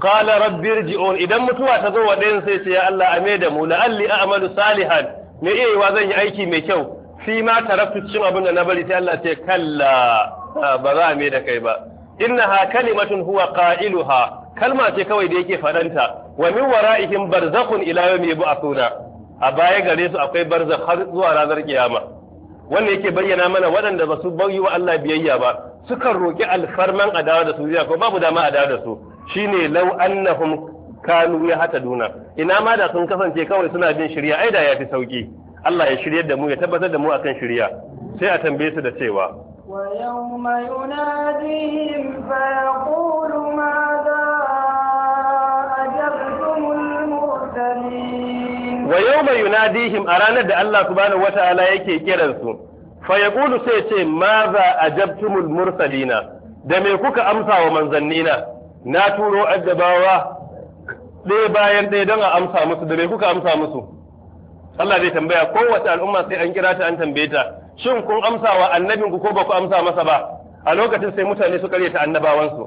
قال رب ارجعون إذا متوا تزوى دين سيسي يا الله أميدم لعلي أعمل صالحا ne iya yiwa zan yi aiki mai kyau fi ma taraktu cikin abin da na bari sai Allah ce kalla ba za a mai kai ba innaha kalimatun huwa qailuha kalma ce kawai da yake fadanta wa min wara'ihim barzakhun ila yawmi yub'athuna a baya gare su akwai barzak har zuwa ranar kiyama wannan yake bayyana mana waɗanda ba su bauyi wa Allah biyayya ba sukan roƙi alfarman adawa da su zuwa ko babu dama adawa da su shine law annahum kanu ya hata duna ina ma da sun kasance kawai suna bin shirya ai da yafi sauki Allah ya shiryar da mu ya tabbatar da mu akan shirya sai a tambaye su da cewa wa yawma yunadihim fa yaqulu madha wa yawma yunadihim a ranar da Allah subhanahu wata'ala yake kiran su fa yaqulu sai ce ma za ajabtumul mursalina da me kuka amsa wa manzannina na turo addabawa ɗaya bayan ɗaya don a amsa musu da me kuka amsa musu Allah zai tambaya kowace al'umma sai an kira ta an tambaye ta shin kun amsa wa annabinku ko ba ku amsa masa ba a lokacin sai mutane su ta annabawansu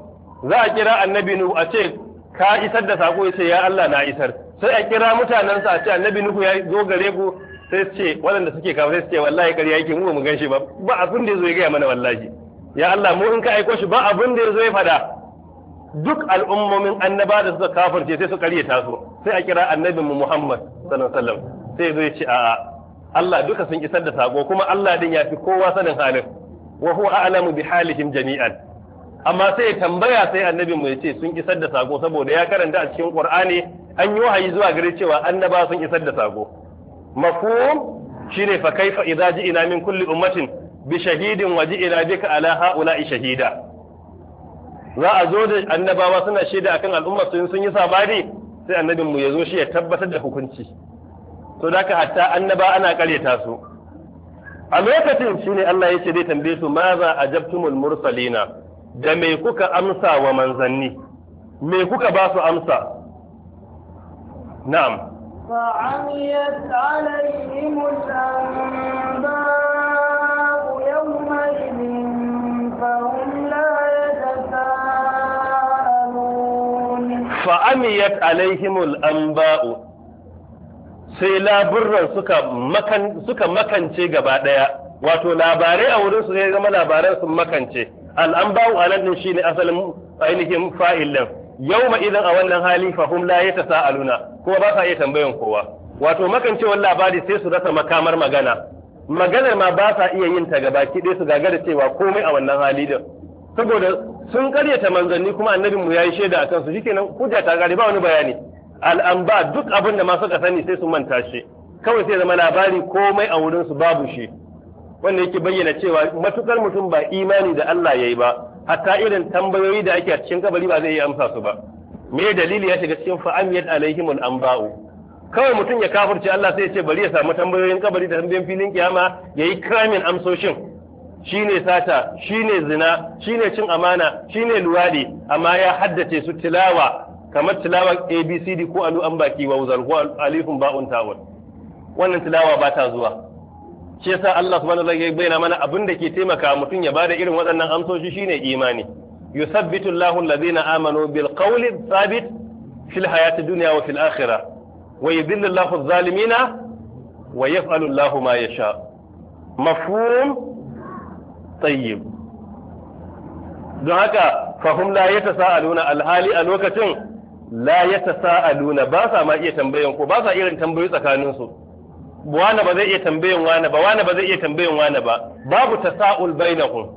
za a kira annabi nu a ce ka isar da sako ya ce ya Allah na isar sai a kira mutanen a ce annabi nuhu ya zo gare ku sai su ce waɗanda suke kafa sai su ce wallahi ƙarya yake mu mu ganshi ba ba abin da ya zo ya gaya mana wallahi ya Allah mu in ka aiko shi ba abin da ya zo ya faɗa duk al'ummomin annaba da suka kafirce sai su ta su sai a kira annabin mu Muhammad sallallahu alaihi wasallam sai zai ce a'a Allah duka sun isar da sako kuma Allah din ya fi kowa sanin halin wa huwa a'lamu bi halihim jami'an amma sai tambaya sai annabin mu ya ce sun isar da sako saboda ya karanta a cikin qur'ani an yi wahayi zuwa gare cewa annaba sun isar da sako mafhum shine fa kaifa idza ji'na min kulli ummatin bi shahidin wa ila bika ala ha'ula'i shahida za a zo da annabawa suna shaida akan al'umma sun sun yi sabani sai annabin mu yazo shi ya tabbatar da hukunci to da ka hatta annaba ana karyata su a lokacin shine Allah ya ce zai tambaye su maza za ajabtumul mursalina da me kuka amsa wa manzanni me kuka ba su amsa na'am فعميت عليهم الأنباء anbau yawma idin fahum la yatasaalun fa'amiyat sai laburran suka suka makance gaba ɗaya, wato labarai a wurin su zai zama labaran sun makance al'anba'u anan shi shine asalin ainihin fa'il Yau ma idan a wannan hali fa hum la yatasaaluna kuma ba sa iya tambayan kowa wato makancewar labari sai su rasa makamar magana maganar ma ba sa iya yin ta gaba ki su gagara cewa komai a wannan hali din saboda sun karyata manzanni kuma annabin mu yayi shaida akan su shikenan hujja ta gare ba wani bayani al'amba duk abin da ma suka sani sai su manta shi kawai sai zama labari komai a wurin su babu shi wanda yake bayyana cewa matukar mutum ba imani da Allah yayi ba hatta irin tambayoyi da ake a cikin kabari ba zai yi amsa su ba me dalili ya shiga cikin fa'amiyat alaihimul anba'u kawai mutum ya kafirce Allah sai ya ce bari ya samu tambayoyin kabari da tambayoyin filin kiyama yi kramin amsoshin shine sata shine zina shine cin amana shine luwadi amma ya haddace su tilawa kamar tilawa ABCD ko alu an baki wa ko alifun ba'un ta'un wannan tilawa ba ta zuwa shi yasa Allah subhanahu wa ta'ala ya bayyana mana abin da ke taimaka mutum ya bada irin waɗannan amsoshi shine imani yusabbitu Allahu alladhina amanu bil qawli thabit fil hayati dunya wa fil akhirah wa yudhillu Allahu adh-dhalimina wa yaf'alu Allahu ma yasha mafhum tayyib don haka fahum la yatasaaluna alhali a lokacin la yatasaaluna ba sa ma iya tambayan ko ba sa irin tambayoyi tsakaninsu wane ba zai iya tambayin wane ba wane ba zai iya tambayin wane ba babu tasa'ul bainahum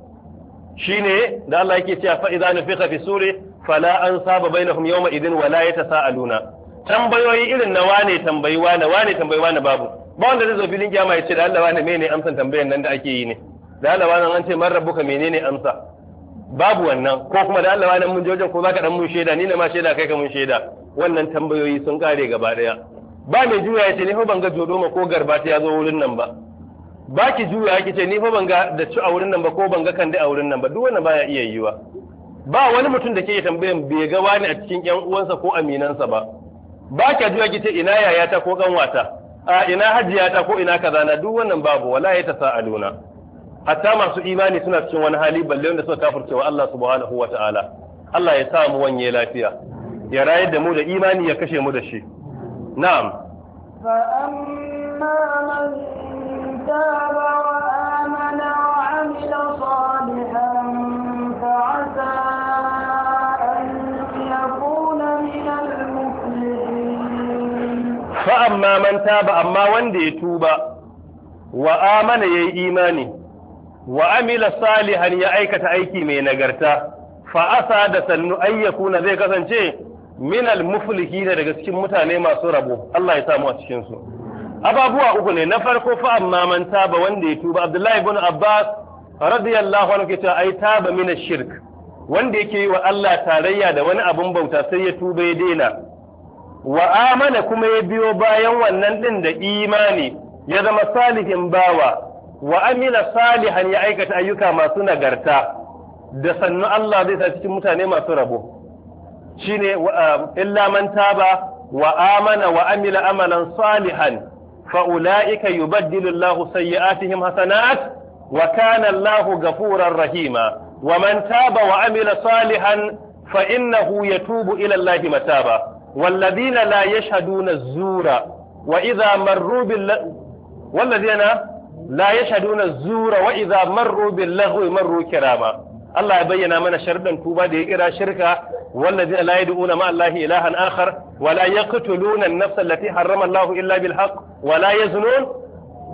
shine da Allah yake cewa fa idza nufiqa fi suri fala ansaba bainahum yawma idin wala yatasaaluna tambayoyi irin na wane tambayi wane wane tambayi wane babu ba wanda zai zo filin kiyama ya ce da Allah wane menene amsan tambayan nan da ake yi ne da Allah wane an ce man rabbuka menene amsa babu wannan ko kuma da Allah wane mun je wajen ko zaka dan mun sheda ni ne ma sheda kai ka mun sheda wannan tambayoyi sun kare gaba daya ba mai juya ya ce ni fa ban ga ma ko garba ta ya zo wurin nan ba ba ki juya ki ce ni fa ban da ci a wurin nan ba ko ban kande a wurin nan ba duk wannan baya iya yiwa ba wani mutum da ke tambayan bai ga wani a cikin yan uwansa ko aminansa ba ba ki juya ki ce ina yayata ko kanwata a ina hajiyata ko ina kaza na duk wannan babu wala ya tasaaluna hatta masu imani suna cikin wani hali balle wanda suka wa Allah subhanahu wataala Allah ya sa mu wanye lafiya ya rayar da mu da imani ya kashe mu da shi نعم فأما من تاب وآمن وعمل صالحا فعسى أن يكون من المفلحين فأما من تاب أما وندي توب وآمن يا إيماني وعمل صالحا يا أيكة أيكي من نجرتا fa'asa da sannu ayyakuna zai kasance minal da daga cikin mutane masu rabo Allah ya samu a cikin su ababuwa uku ne na farko fa amma man taba wanda ya tuba Abdullahi ibn Abbas radiyallahu anhu ke cewa ai taba min shirk wanda yake yi wa Allah tarayya da wani abun bauta sai ya tuba ya daina wa amana kuma ya biyo bayan wannan din da imani ya zama salihin bawa wa amila salihan ya aikata ayyuka masu nagarta da sannu Allah zai sa cikin mutane masu rabo shine um, illa man taba wa amana wa amila amalan salihan fa ulaika yubaddilu Allahu sayyi'atihim hasanat wa kana Allahu ghafurar rahima wa man taba wa amila salihan fa innahu yatubu ila Allahi mataba والذين لا يشهدون الزور وإذا مروا بال والذين لا يشهدون الزور وإذا مروا باللغو مروا كراما Allah ya bayyana mana sharɗan tuba da ya kira shirka wallazi la yad'una ma Allahi ilahan akhar wa la yaqtuluna an-nafsa allati harrama Allahu illa bil haqq wa la yaznun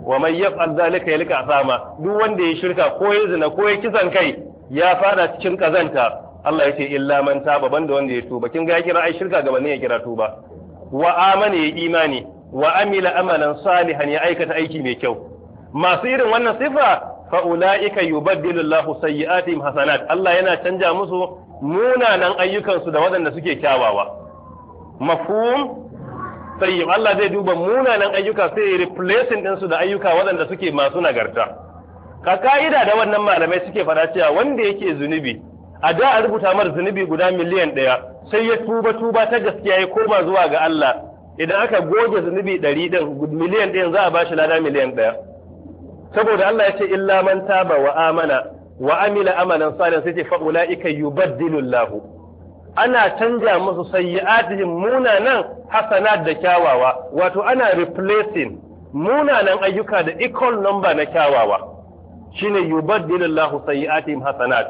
wa man yaf'al dhalika yalqa duk wanda ya shirka ko ya zina ko ya kisan kai ya fara cikin kazanta Allah ya ce illa man taba banda wanda ya tuba kin ga ya kira ai shirka gaba ne ya kira tuba wa amana ya imani wa amila amalan salihan ya aikata aiki mai kyau masu irin wannan sifa fa ulaika yubaddilu Allahu sayyi'atihim hasanat Allah yana canja musu munanan ayyukansu da waɗanda suke kyawawa mafhum tayyib Allah zai duba munanan ayyuka sai ya replace din su da ayyuka waɗanda suke masu nagarta ka ka'ida da wannan malamai suke fada cewa wanda yake zunubi a da a rubuta mar zunubi guda miliyan ɗaya sai ya tuba tuba ta gaskiya ya koma zuwa ga Allah idan aka goge zunubi ɗari ɗin miliyan ɗayan za a ba shi lada miliyan ɗaya saboda Allah ya ce illa man taba wa amana wa amila amalan salihan sai ce fa ulaika yubaddilu Allah ana canja musu sayyi'atihim munanan hasanat da kyawawa wato ana replacing munanan ayyuka da equal number na kyawawa shine yubaddilu Allah sayyi'atihim hasanat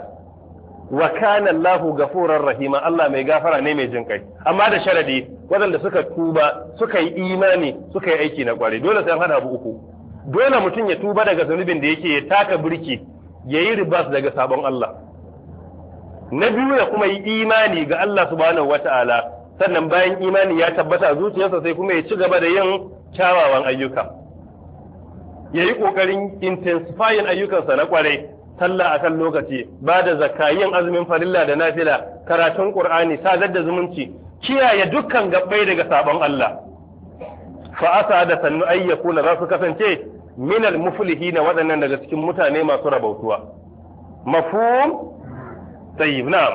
wa kana Allahu gafurar rahima Allah mai gafara ne mai jin kai amma da sharadi waɗanda suka tuba suka yi imani suka yi aiki na kwari dole sai an hada abu uku dole mutum ya tuba daga zunubin da yake ya taka birki ya yi ribas daga sabon Allah na biyu ya kuma yi imani ga Allah subhanahu wata'ala sannan bayan imani ya tabbata zuciyarsa sai kuma ya ci gaba da yin kyawawan ayyuka ya yi ƙoƙarin intensifying ayyukansa na kwarai sallah akan lokaci ba da zakka yin azumin farilla da nafila karatun ƙur'ani, sadar da zumunci kiyaye dukkan gabbai daga sabon Allah fa asa da sannu ai yakuna za su kasance min al muflihi na waɗannan daga cikin mutane masu rabautuwa mafhum tayyib na'am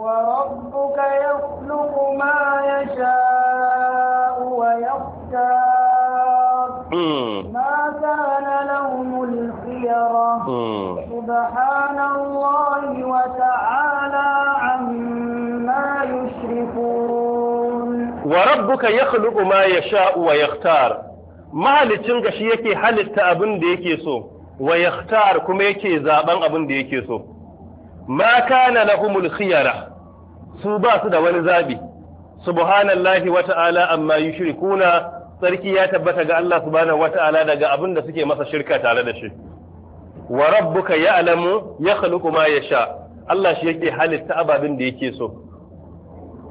wa rabbuka yakhluqu ma yasha'u wa yaqtar hmm. ma kana lahum al khiyara hmm. subhana allahi wa ta'ala amma yushrikun wa rabbuka yakhluqu ma yasha'u wa yakhtar mahalicin gashi yake halitta abin da yake so wa kuma yake zaben abin da yake so ma kana lahumul khiyara su ba su da wani zabi subhanallahi wa ta'ala amma yushrikuna sarki ya tabbata ga Allah subhanahu wata'ala daga abin da suke masa shirka tare da shi wa rabbuka ya'lamu yakhluqu ma yasha Allah shi yake halitta ababin da yake so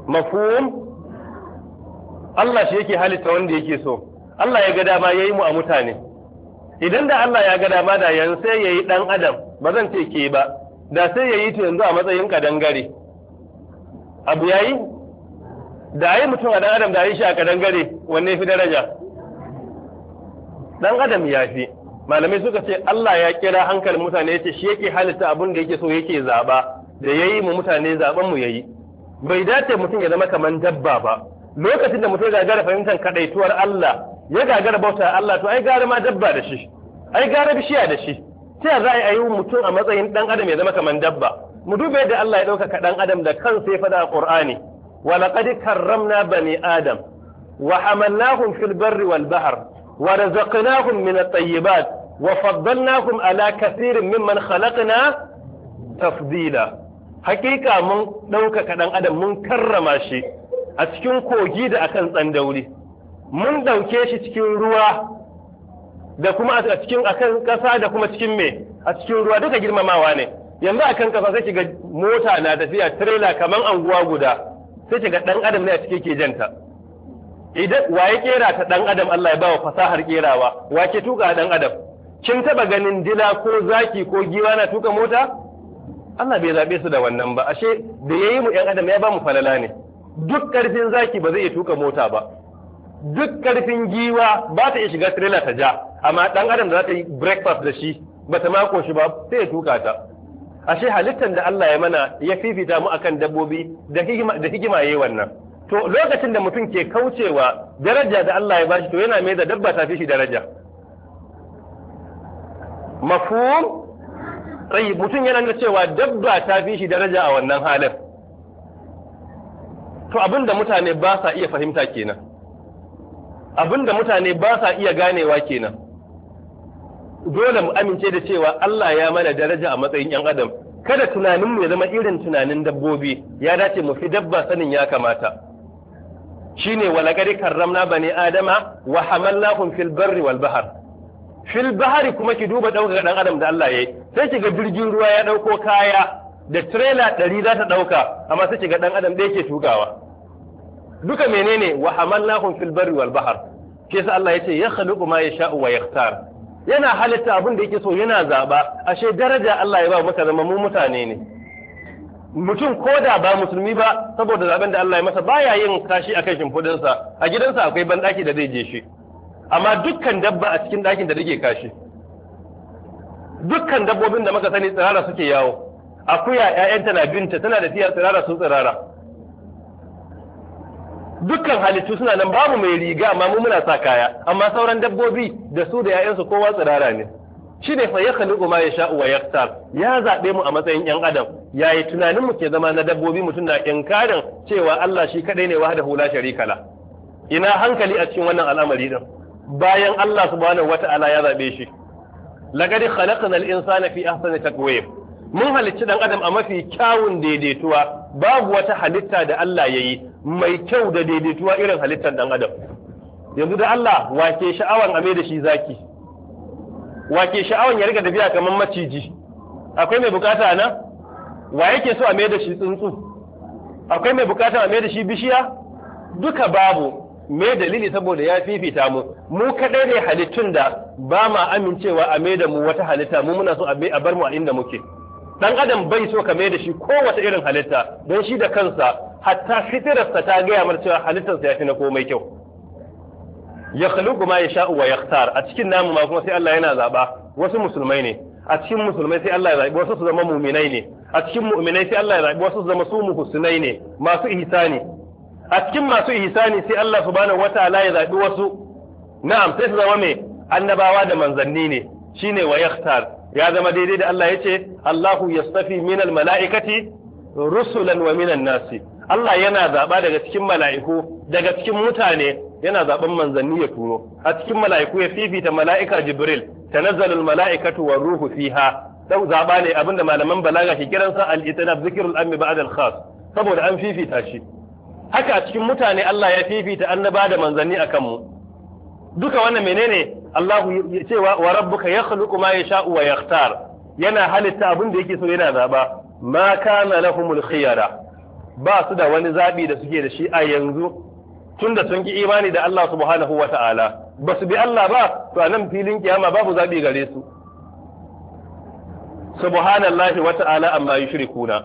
mafhum Allah shi yake halitta wanda yake so Allah ya ga dama yayi mu a mutane idan da Allah ya ga dama da yanzu sai yayi dan adam ba zan ce ke ba da sai yayi ta yanzu a matsayin kadangare abu yayi da yayi mutum a dan adam da yayi shi a kadangare wanne fi daraja dan adam ya fi malamai suka ce Allah ya kira hankalin mutane yace shi yake halitta abun da yake so yake zaba da yayi mu mutane zaben mu yayi bai dace mutum ya zama kaman dabba ba lokacin da mutum ya gagara fahimtar kadaituwar Allah ya gagara bauta Allah to ai gara ma dabba da shi ai gara bishiya da shi ta za a yi mutum a matsayin dan adam ya zama kamar dabba mu dube da Allah ya ɗaukaka dan adam da kan sai faɗa a Qur'ani wa laqad karramna bani adam wa hamalnahum fil barri wal bahr wa razaqnahum min at-tayyibat wa faddalnahum ala kathirin mimman khalaqna tafdila hakika mun ɗaukaka dan adam mun karrama shi a cikin kogi da akan tsandauri mun dauke shi cikin ruwa da kuma a cikin akan kasa da kuma cikin me a cikin ruwa duka girmamawa ne yanzu akan kasa sai kiga mota na tafiya trailer kaman anguwa guda sai kiga dan adam ne a cikin ke janta idan waye kera ta dan adam Allah ya bawa fasahar kerawa wake tuka dan adam kin taba ganin dila ko zaki ko giwa na tuka mota Allah bai zabe su da wannan ba ashe da yayi mu yan adam ya ba mu falala ne duk ƙarfin zaki ba zai iya tuka mota ba duk ƙarfin giwa ba ta iya shiga trailer ta ja amma ɗan adam da za ta yi breakfast da shi ba ta mako shi ba sai ya tuka ta ashe halittar da Allah ya mana ya fifita mu akan dabbobi da hikima da hikima wannan to lokacin da mutum ke kaucewa daraja da Allah ya ba shi to yana mai da dabba ta fi shi daraja mafhum mutum yana nuna cewa dabba ta fi shi daraja a wannan halin to abin mutane ba sa iya fahimta kenan abin da mutane ba sa iya ganewa kenan dole mu amince da cewa Allah ya mana daraja a matsayin yan adam kada tunanin mu ya zama irin tunanin dabbobi ya dace mu fi dabba sanin ya kamata shine walaqad karramna bani adama wa hamalnahum fil barri wal bahr fil bahari kuma ki duba dauka ɗan adam da Allah ya yi sai kiga ga jirgin ruwa ya ɗauko kaya da trela ɗari za ta ɗauka amma sai ga ɗan adam ɗaya ke tukawa duka menene wa hamalnahum fil barri wal bahar ke sa Allah yace ya khaliqu ma yasha'u wa yakhtar yana halitta abin da yake so yana zaba ashe daraja Allah ya ba muka zama mu mutane ne mutum ko da ba musulmi ba saboda zaben da Allah ya masa baya yin kashi akan shimfudin sa a gidansa akwai banɗaki da zai je shi amma dukkan dabba a cikin ɗakin da rike kashi dukkan dabbobin da muka sani tsirara suke yawo akuya 'ya'yanta na binta tana da tiya tsirara sun tsirara dukkan halittu suna nan babu mai riga amma mu muna sa kaya amma sauran dabbobi da su da ƴaƴansu kowa tsirara ne shi ne fa yakhluqu ma yasha'u wa yaktar ya zabe mu a matsayin ƴan adam yayi tunanin mu ke zama na dabbobi mutum na inkarin cewa Allah shi kadai ne wahdahu la sharika la ina hankali a cikin wannan al'amari din bayan Allah subhanahu wata'ala ya zabe shi laqad khalaqnal insana fi ahsani taqwim mun halicci dan adam a mafi kyawun daidaituwa babu wata halitta da Allah ya yi mai kyau da daidaituwa irin halittar dan adam yanzu da Allah wake sha'awan a da shi zaki wake sha'awan ya riga tafiya kamar maciji akwai mai bukata na wa yake so a da shi tsuntsu akwai mai bukata a da shi bishiya duka babu me dalili saboda ya fifita mu mu kadai ne halittun da ba ma amincewa a da mu wata halitta mu muna so a bar mu a inda muke dan adam bai so ka mai da shi kowace irin halitta don shi da kansa hatta fitirarsa ta gaya mar cewa halittarsa ya fi na komai kyau ya khluqu ma yasha'u wa yakhtar a cikin namu ma kuma sai Allah yana zaba wasu musulmai ne a cikin musulmai sai Allah ya zabi wasu su zama mu'minai ne a cikin mu'minai sai Allah ya zabi wasu su zama su muhsinai ne masu ihsani a cikin masu ihsani sai Allah subhanahu wataala ya zabi wasu na'am sai su zama me annabawa da manzanni ne shine wa yakhtar ya zama daidai da Allah yace Allahu yastafi minal mala'ikati rusulan wa minan nasi Allah yana zaba daga cikin mala'iku daga cikin mutane yana zaben manzanni ya turo a cikin mala'iku ya fifita mala'ika Jibril tanazzalul mala'ikatu war ruhu fiha dau zaba ne abinda malaman balaga ke Kiran al-itinab zikrul ammi ba'da al-khas saboda an fifita shi haka a cikin mutane Allah ya fifita annaba da manzanni akan mu duka wannan menene Allah ya ce wa rabbuka yakhluqu ma sha'u wa yakhtar yana halitta abin da yake so yana zaba ma kana lahumul khiyara ba su da wani zabi da suke da shi a yanzu tunda sun ki imani da Allah subhanahu wa ta'ala ba su bi Allah ba to a filin kiyama babu zabi gare su subhanallahi wa ta'ala amma yushrikuna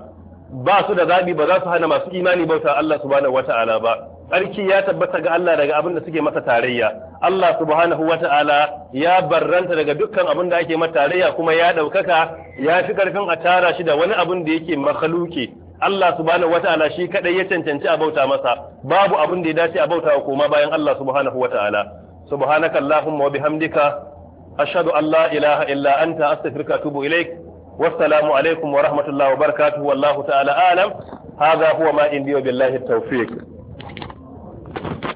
ba su da zabi ba za su hana masu imani bauta Allah subhanahu wa ta'ala ba Sarki ya tabbata ga Allah daga abin da suke masa tarayya Allah subhanahu wa ta'ala ya barranta daga dukkan abin da ake matarayya kuma ya ɗaukaka ya fi ƙarfin a tara shi da wani abin da yake makhaluki Allah subhanahu wa ta'ala shi kaɗai ya cancanci a bauta masa babu abin da ya dace a bauta koma bayan Allah subhanahu wa ta'ala subhanaka allahumma wa bihamdika ashadu an la ilaha illa anta astaghfiruka wa atubu ilaik wassalamu alaikum wa rahmatullahi wa barakatuhu wallahu ta'ala alam hadha huwa ma indi billahi tawfiq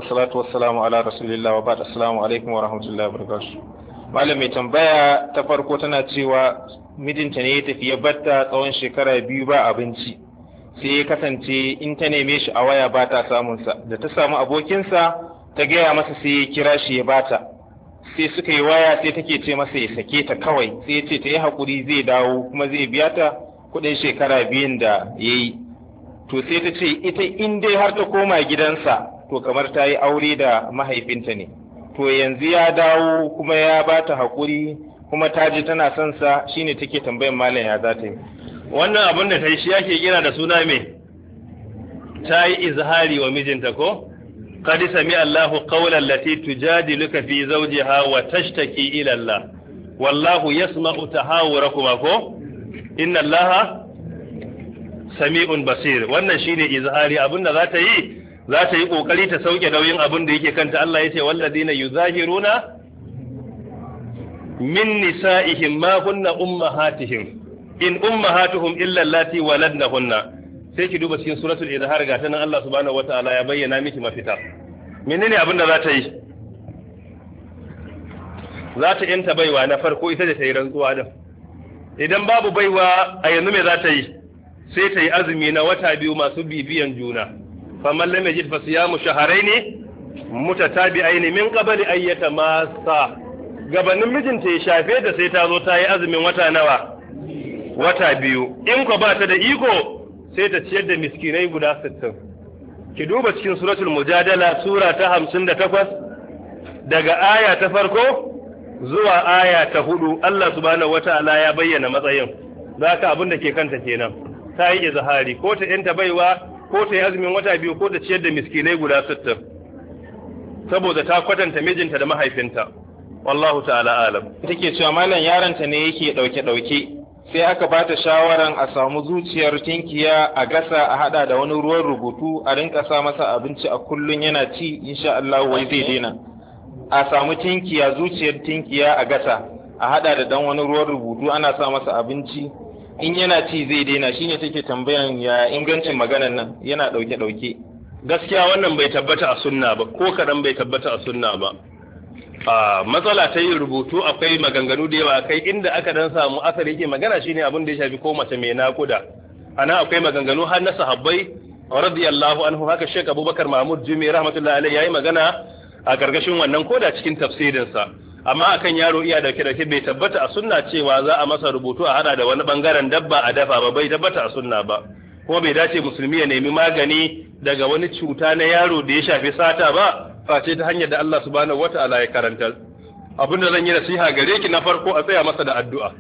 wassalatu wassalamu ala rasulillah wa ba'd assalamu alaikum wa rahmatullahi wa barakatuh malam mai tambaya ta farko tana cewa mijinta ne ya tafi ya batta tsawon shekara biyu ba abinci sai ya kasance in ta neme shi a waya ba ta samun sa, da ta samu abokinsa ta gaya masa sai ya kira shi ya bata sai suka yi waya sai take ce masa ya sake ta kawai sai ya ce ta yi hakuri zai dawo kuma zai biya ta kuɗin shekara biyun da ya yi to sai ta ce ita in dai har ta koma gidansa to kamar ta yi aure da mahaifinta ne to yanzu ya dawo kuma ya ba ta haƙuri kuma ta ji tana son sa shine take tambayan malam ya za ta yi wannan abin da ta yi shi yake kira da suna me ta yi izhari wa mijinta ko qad sami Allahu qawlan lati tujadiluka fi zawjiha wa tashtaki ila Allah wallahu yasma'u tahawurakuma ko inna Allaha sami'un basir wannan shine izhari abin da za ta yi za ta yi kokari ta sauke nauyin abin da yake kanta Allah ya ce walladina yuzahiruna min nisa'ihim ma kunna ummahatihim in ummahatuhum illa allati waladnahunna sai ki duba cikin suratul izhar ga tanan Allah subhanahu wataala ya bayyana miki mafita menene abin da za ta yi za ta yanta baiwa na farko ita da ta yi rantsuwa da idan babu baiwa a yanzu me za ta yi sai ta yi azumi na wata biyu masu bibiyan juna faman lam yajid fa siyamu shahrayn mutatabi'ain min qabli an yatamassa gabanin mijinta ya shafe da sai ta zo ta yi azumin wata nawa wata biyu in ko ba ta da iko sai ta ciyar da miskinai guda 60 ki duba cikin suratul mujadala sura ta 58 daga aya ta farko zuwa aya ta hudu Allah subhanahu wata'ala ya bayyana matsayin zaka abin da ke kanta kenan ta yi izhari ko ta yanta baiwa ko ta yi azumin wata biyu ko ta ciyar da miskinai guda sittin saboda ta kwatanta mijinta da mahaifinta wallahu ta'ala alam take cewa malam yaronta ne yake dauke dauke sai aka ba ta shawaran a samu zuciyar tinkiya a gasa a hada da wani ruwan rubutu a rinka sa masa abinci a kullun yana ci insha Allah wai zai daina a samu tinkiya zuciyar tinkiya a gasa a hada da dan wani ruwan rubutu ana sa masa abinci in yana ci zai daina shine take tambayan ya ingancin maganan nan yana dauke dauke gaskiya wannan bai tabbata a sunna ba ko kadan bai tabbata a sunna ba a matsala ta yin rubutu akwai maganganu da yawa kai inda aka dan samu asali yake magana shine abin da ya shafi ko mace mai nakuda ana akwai maganganu har na sahabbai radiyallahu anhu haka Sheikh Abubakar Mahmud Jumi rahmatullahi alaihi yayi magana a gargashin wannan koda cikin tafsirinsa amma akan yaro iya dauke dauke bai tabbata a sunna cewa za a masa rubutu a hada da wani bangaren dabba a dafa ba bai tabbata a sunna ba kuma bai dace musulmi ya nemi magani daga wani cuta na yaro da ya shafi sata ba face ta hanyar da Allah subhanahu wata'ala ya karanta abin da zan yi nasiha gare ki na farko a tsaya masa da addu'a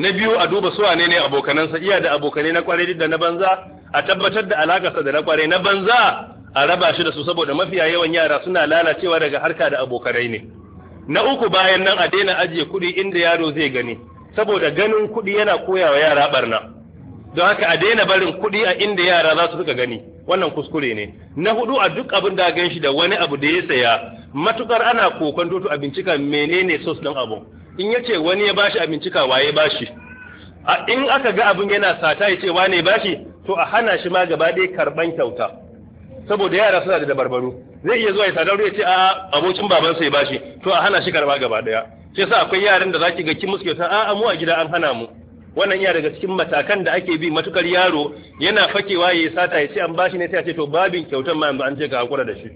na biyu a duba su wane ne abokanansa iya da abokanai na kwarai da na banza a tabbatar da alakarsa da na kwarai na banza a raba shi da su saboda mafiya yawan yara suna lalacewa daga harka da abokanai ne na uku bayan nan a daina ajiye kuɗi inda yaro zai gani saboda ganin kuɗi yana koya wa yara barna don haka a daina barin kuɗi a inda yara za su rika gani wannan kuskure ne na hudu a duk abin da gan shi da wani abu da ya saya matukar ana kokon tutu a bincika menene sos din abu in ya ce wani ya bashi a bincika waye bashi a in aka ga abin yana sata ya ce wane bashi to a hana shi ma gaba ɗaya karɓan kyauta saboda yara suna da dabarbaru zai iya zuwa ya sadar ya ce a abokin babansa ya bashi to a hana shi karba gaba daya sai sa akwai yaran da zaki ga kin musu kyauta a mu a gida an hana mu wannan iya daga cikin matakan da ake bi matukar yaro yana fakewa ya sata ya ce an bashi ne sai a ce to babin kyautar ma yanzu an ce ka hakura da shi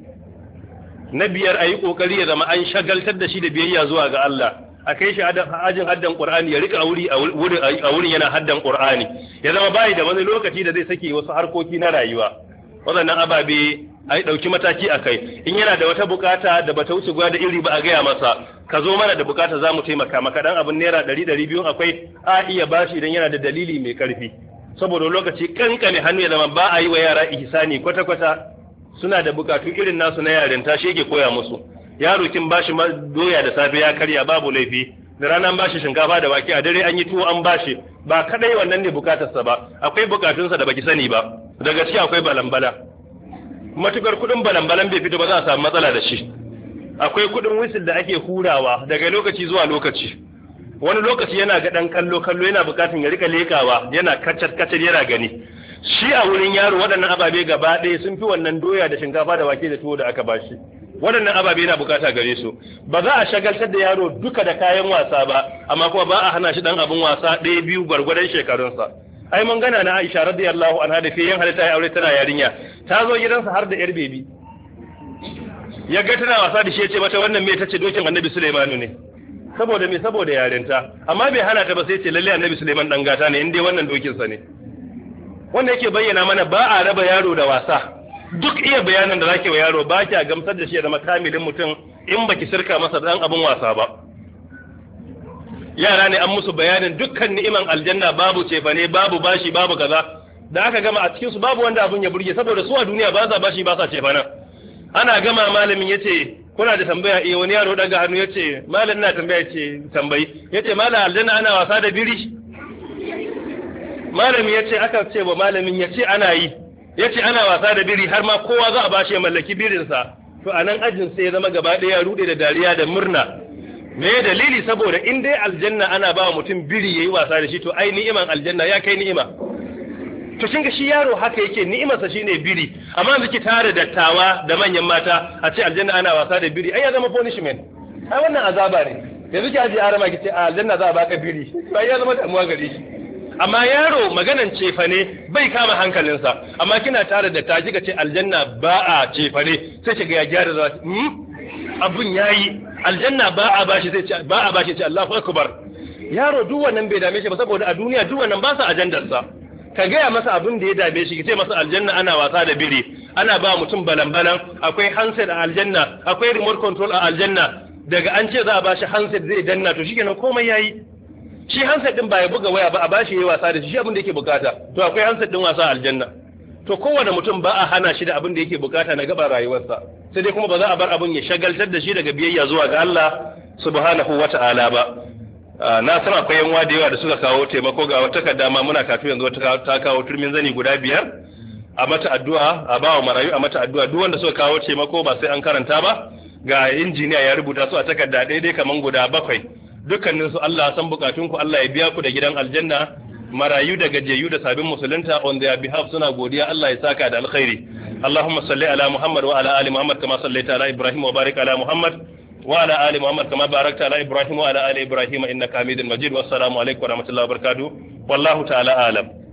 na biyar a yi kokari ya zama an shagaltar da shi da biyayya zuwa ga Allah a kai shi ajin haddan Qur'ani ya rika wuri a wuri yana haddan Qur'ani ya zama bai da wani lokaci da zai sake wasu harkoki na rayuwa wannan ababe a yi ɗauki mataki a kai in yana da wata bukata da bata wuce guda da iri ba a gaya masa ka zo mana da bukata za mu taimaka maka dan abin naira ɗari ɗari biyu akwai a iya bashi idan yana da dalili mai ƙarfi saboda lokaci kankane hannu ya zama ba a yi wa yara ihsani kwata-kwata suna da bukatu irin nasu na yaren ta shege koya musu yaro kin bashi doya da safe ya karya babu laifi da rana bashi shinkafa da wake a dare an yi tuwo an bashi ba kadai wannan ne bukatarsa ba akwai bukatunsa da baki sani ba daga ciki akwai balambala matukar kudin balan-balan bai fito ba za a samu matsala da shi akwai kudin wisil da ake hurawa daga lokaci zuwa lokaci wani lokaci yana ga dan kallo kallo yana bukatun ya rika lekawa yana kacar kacar yana gani shi a wurin yaro waɗannan ababe gaba ɗaya sun fi wannan doya da shinkafa da wake da tuwo da aka bashi waɗannan ababe yana bukata gare su ba za a shagaltar da yaro duka da kayan wasa ba amma kuma ba a hana shi dan abin wasa ɗaya biyu gwargwadon shekarunsa ai mun gana na Aisha radiyallahu anha da fiyin halitta ya aure tana yarinya ta zo gidansa har da yar bebi ya ga tana wasa da shi ya ce mata wannan me tace dokin Annabi Sulaimanu ne saboda me saboda yarinta amma bai hana ta ba sai ce lalle Annabi Sulaiman dan gata ne inda wannan dokin sa ne wannan yake bayyana mana ba a raba yaro da wasa duk iya bayanan da zake wa yaro ba kya gamsar da shi da makamilin mutum in baki sirka masa dan abun wasa ba yara ne an musu bayanin dukkan ni'iman aljanna babu cefane babu bashi babu kaza da aka gama a cikinsu babu wanda abin ya burge saboda su a duniya ba za bashi ba sa nan. ana gama malamin ya ce kuna da tambaya eh wani yaro daga hannu ya ce malamin na tambaya ce tambayi ya ce malamin aljanna ana wasa da biri malamin ya ce aka ce wa malamin ya ce ana yi ya ce ana wasa da biri har ma kowa za a bashi ya mallaki birinsa to a nan ajin sai ya zama gaba ɗaya rude da dariya da murna me dalili saboda in dai aljanna ana ba mutum biri yayi wasa da shi to ai ni'iman aljanna ya kai ni'ima to kin ga shi yaro haka yake ni'imarsa shine biri amma yanzu ki tare da tawa da manyan mata a ce aljanna ana wasa da biri ai ya zama punishment ai wannan azaba ne yanzu ki aje arama ki ce aljanna za a baka biri ai ya zama damuwa gare shi amma yaro maganan cefa ne bai kama hankalinsa amma kina tare da taji ka ce aljanna ba a cefa ne sai ki ga ya gyara zuwa hmm? abun yayi aljanna ba a bashi sai ba a bashi ce Allahu akbar yaro duk wannan bai dame shi ba saboda a duniya duk wannan ba sa ajandar sa ka gaya masa abin da ya dame shi ce masa aljanna ana wasa da biri ana ba mutum balan-balan akwai handset a aljanna akwai remote control a aljanna daga an ce za a bashi handset zai danna to shikenan komai yayi shi handset din ba ya buga waya ba a bashi yayi wasa da shi abin da yake bukata to akwai handset din wasa a aljanna to kowane mutum ba a hana shi da abin da yake bukata na gaba rayuwarsa sai dai kuma ba za a bar abin ya shagaltar da shi daga biyayya zuwa ga Allah subhanahu wa ta'ala ba ah, na san akwai yan da yawa da suka kawo taimako ga wata takarda ma muna kafin yanzu wata ta kawo turmin zani guda biyar a mata addu'a a ba wa marayu a mata addu'a duk wanda suka kawo taimako ba sai an karanta ba ga injiniya ya rubuta su a takarda daidai kaman guda bakwai dukkaninsu Allah san bukatun ku Allah ya biya ku da gidan aljanna marayu da gajeyu da sabin musulunta on their behalf suna godiya Allah ya saka da alkhairi Allahumma salli ala Muhammad wa ala ali Muhammad kama sallaita ala Ibrahim wa barik ala Muhammad wa ala ali Muhammad kama barakta ala Ibrahim wa ala ali Ibrahim innaka Hamidul Majid wassalamu alaikum wa rahmatullahi wa barakatuh wallahu ta'ala alam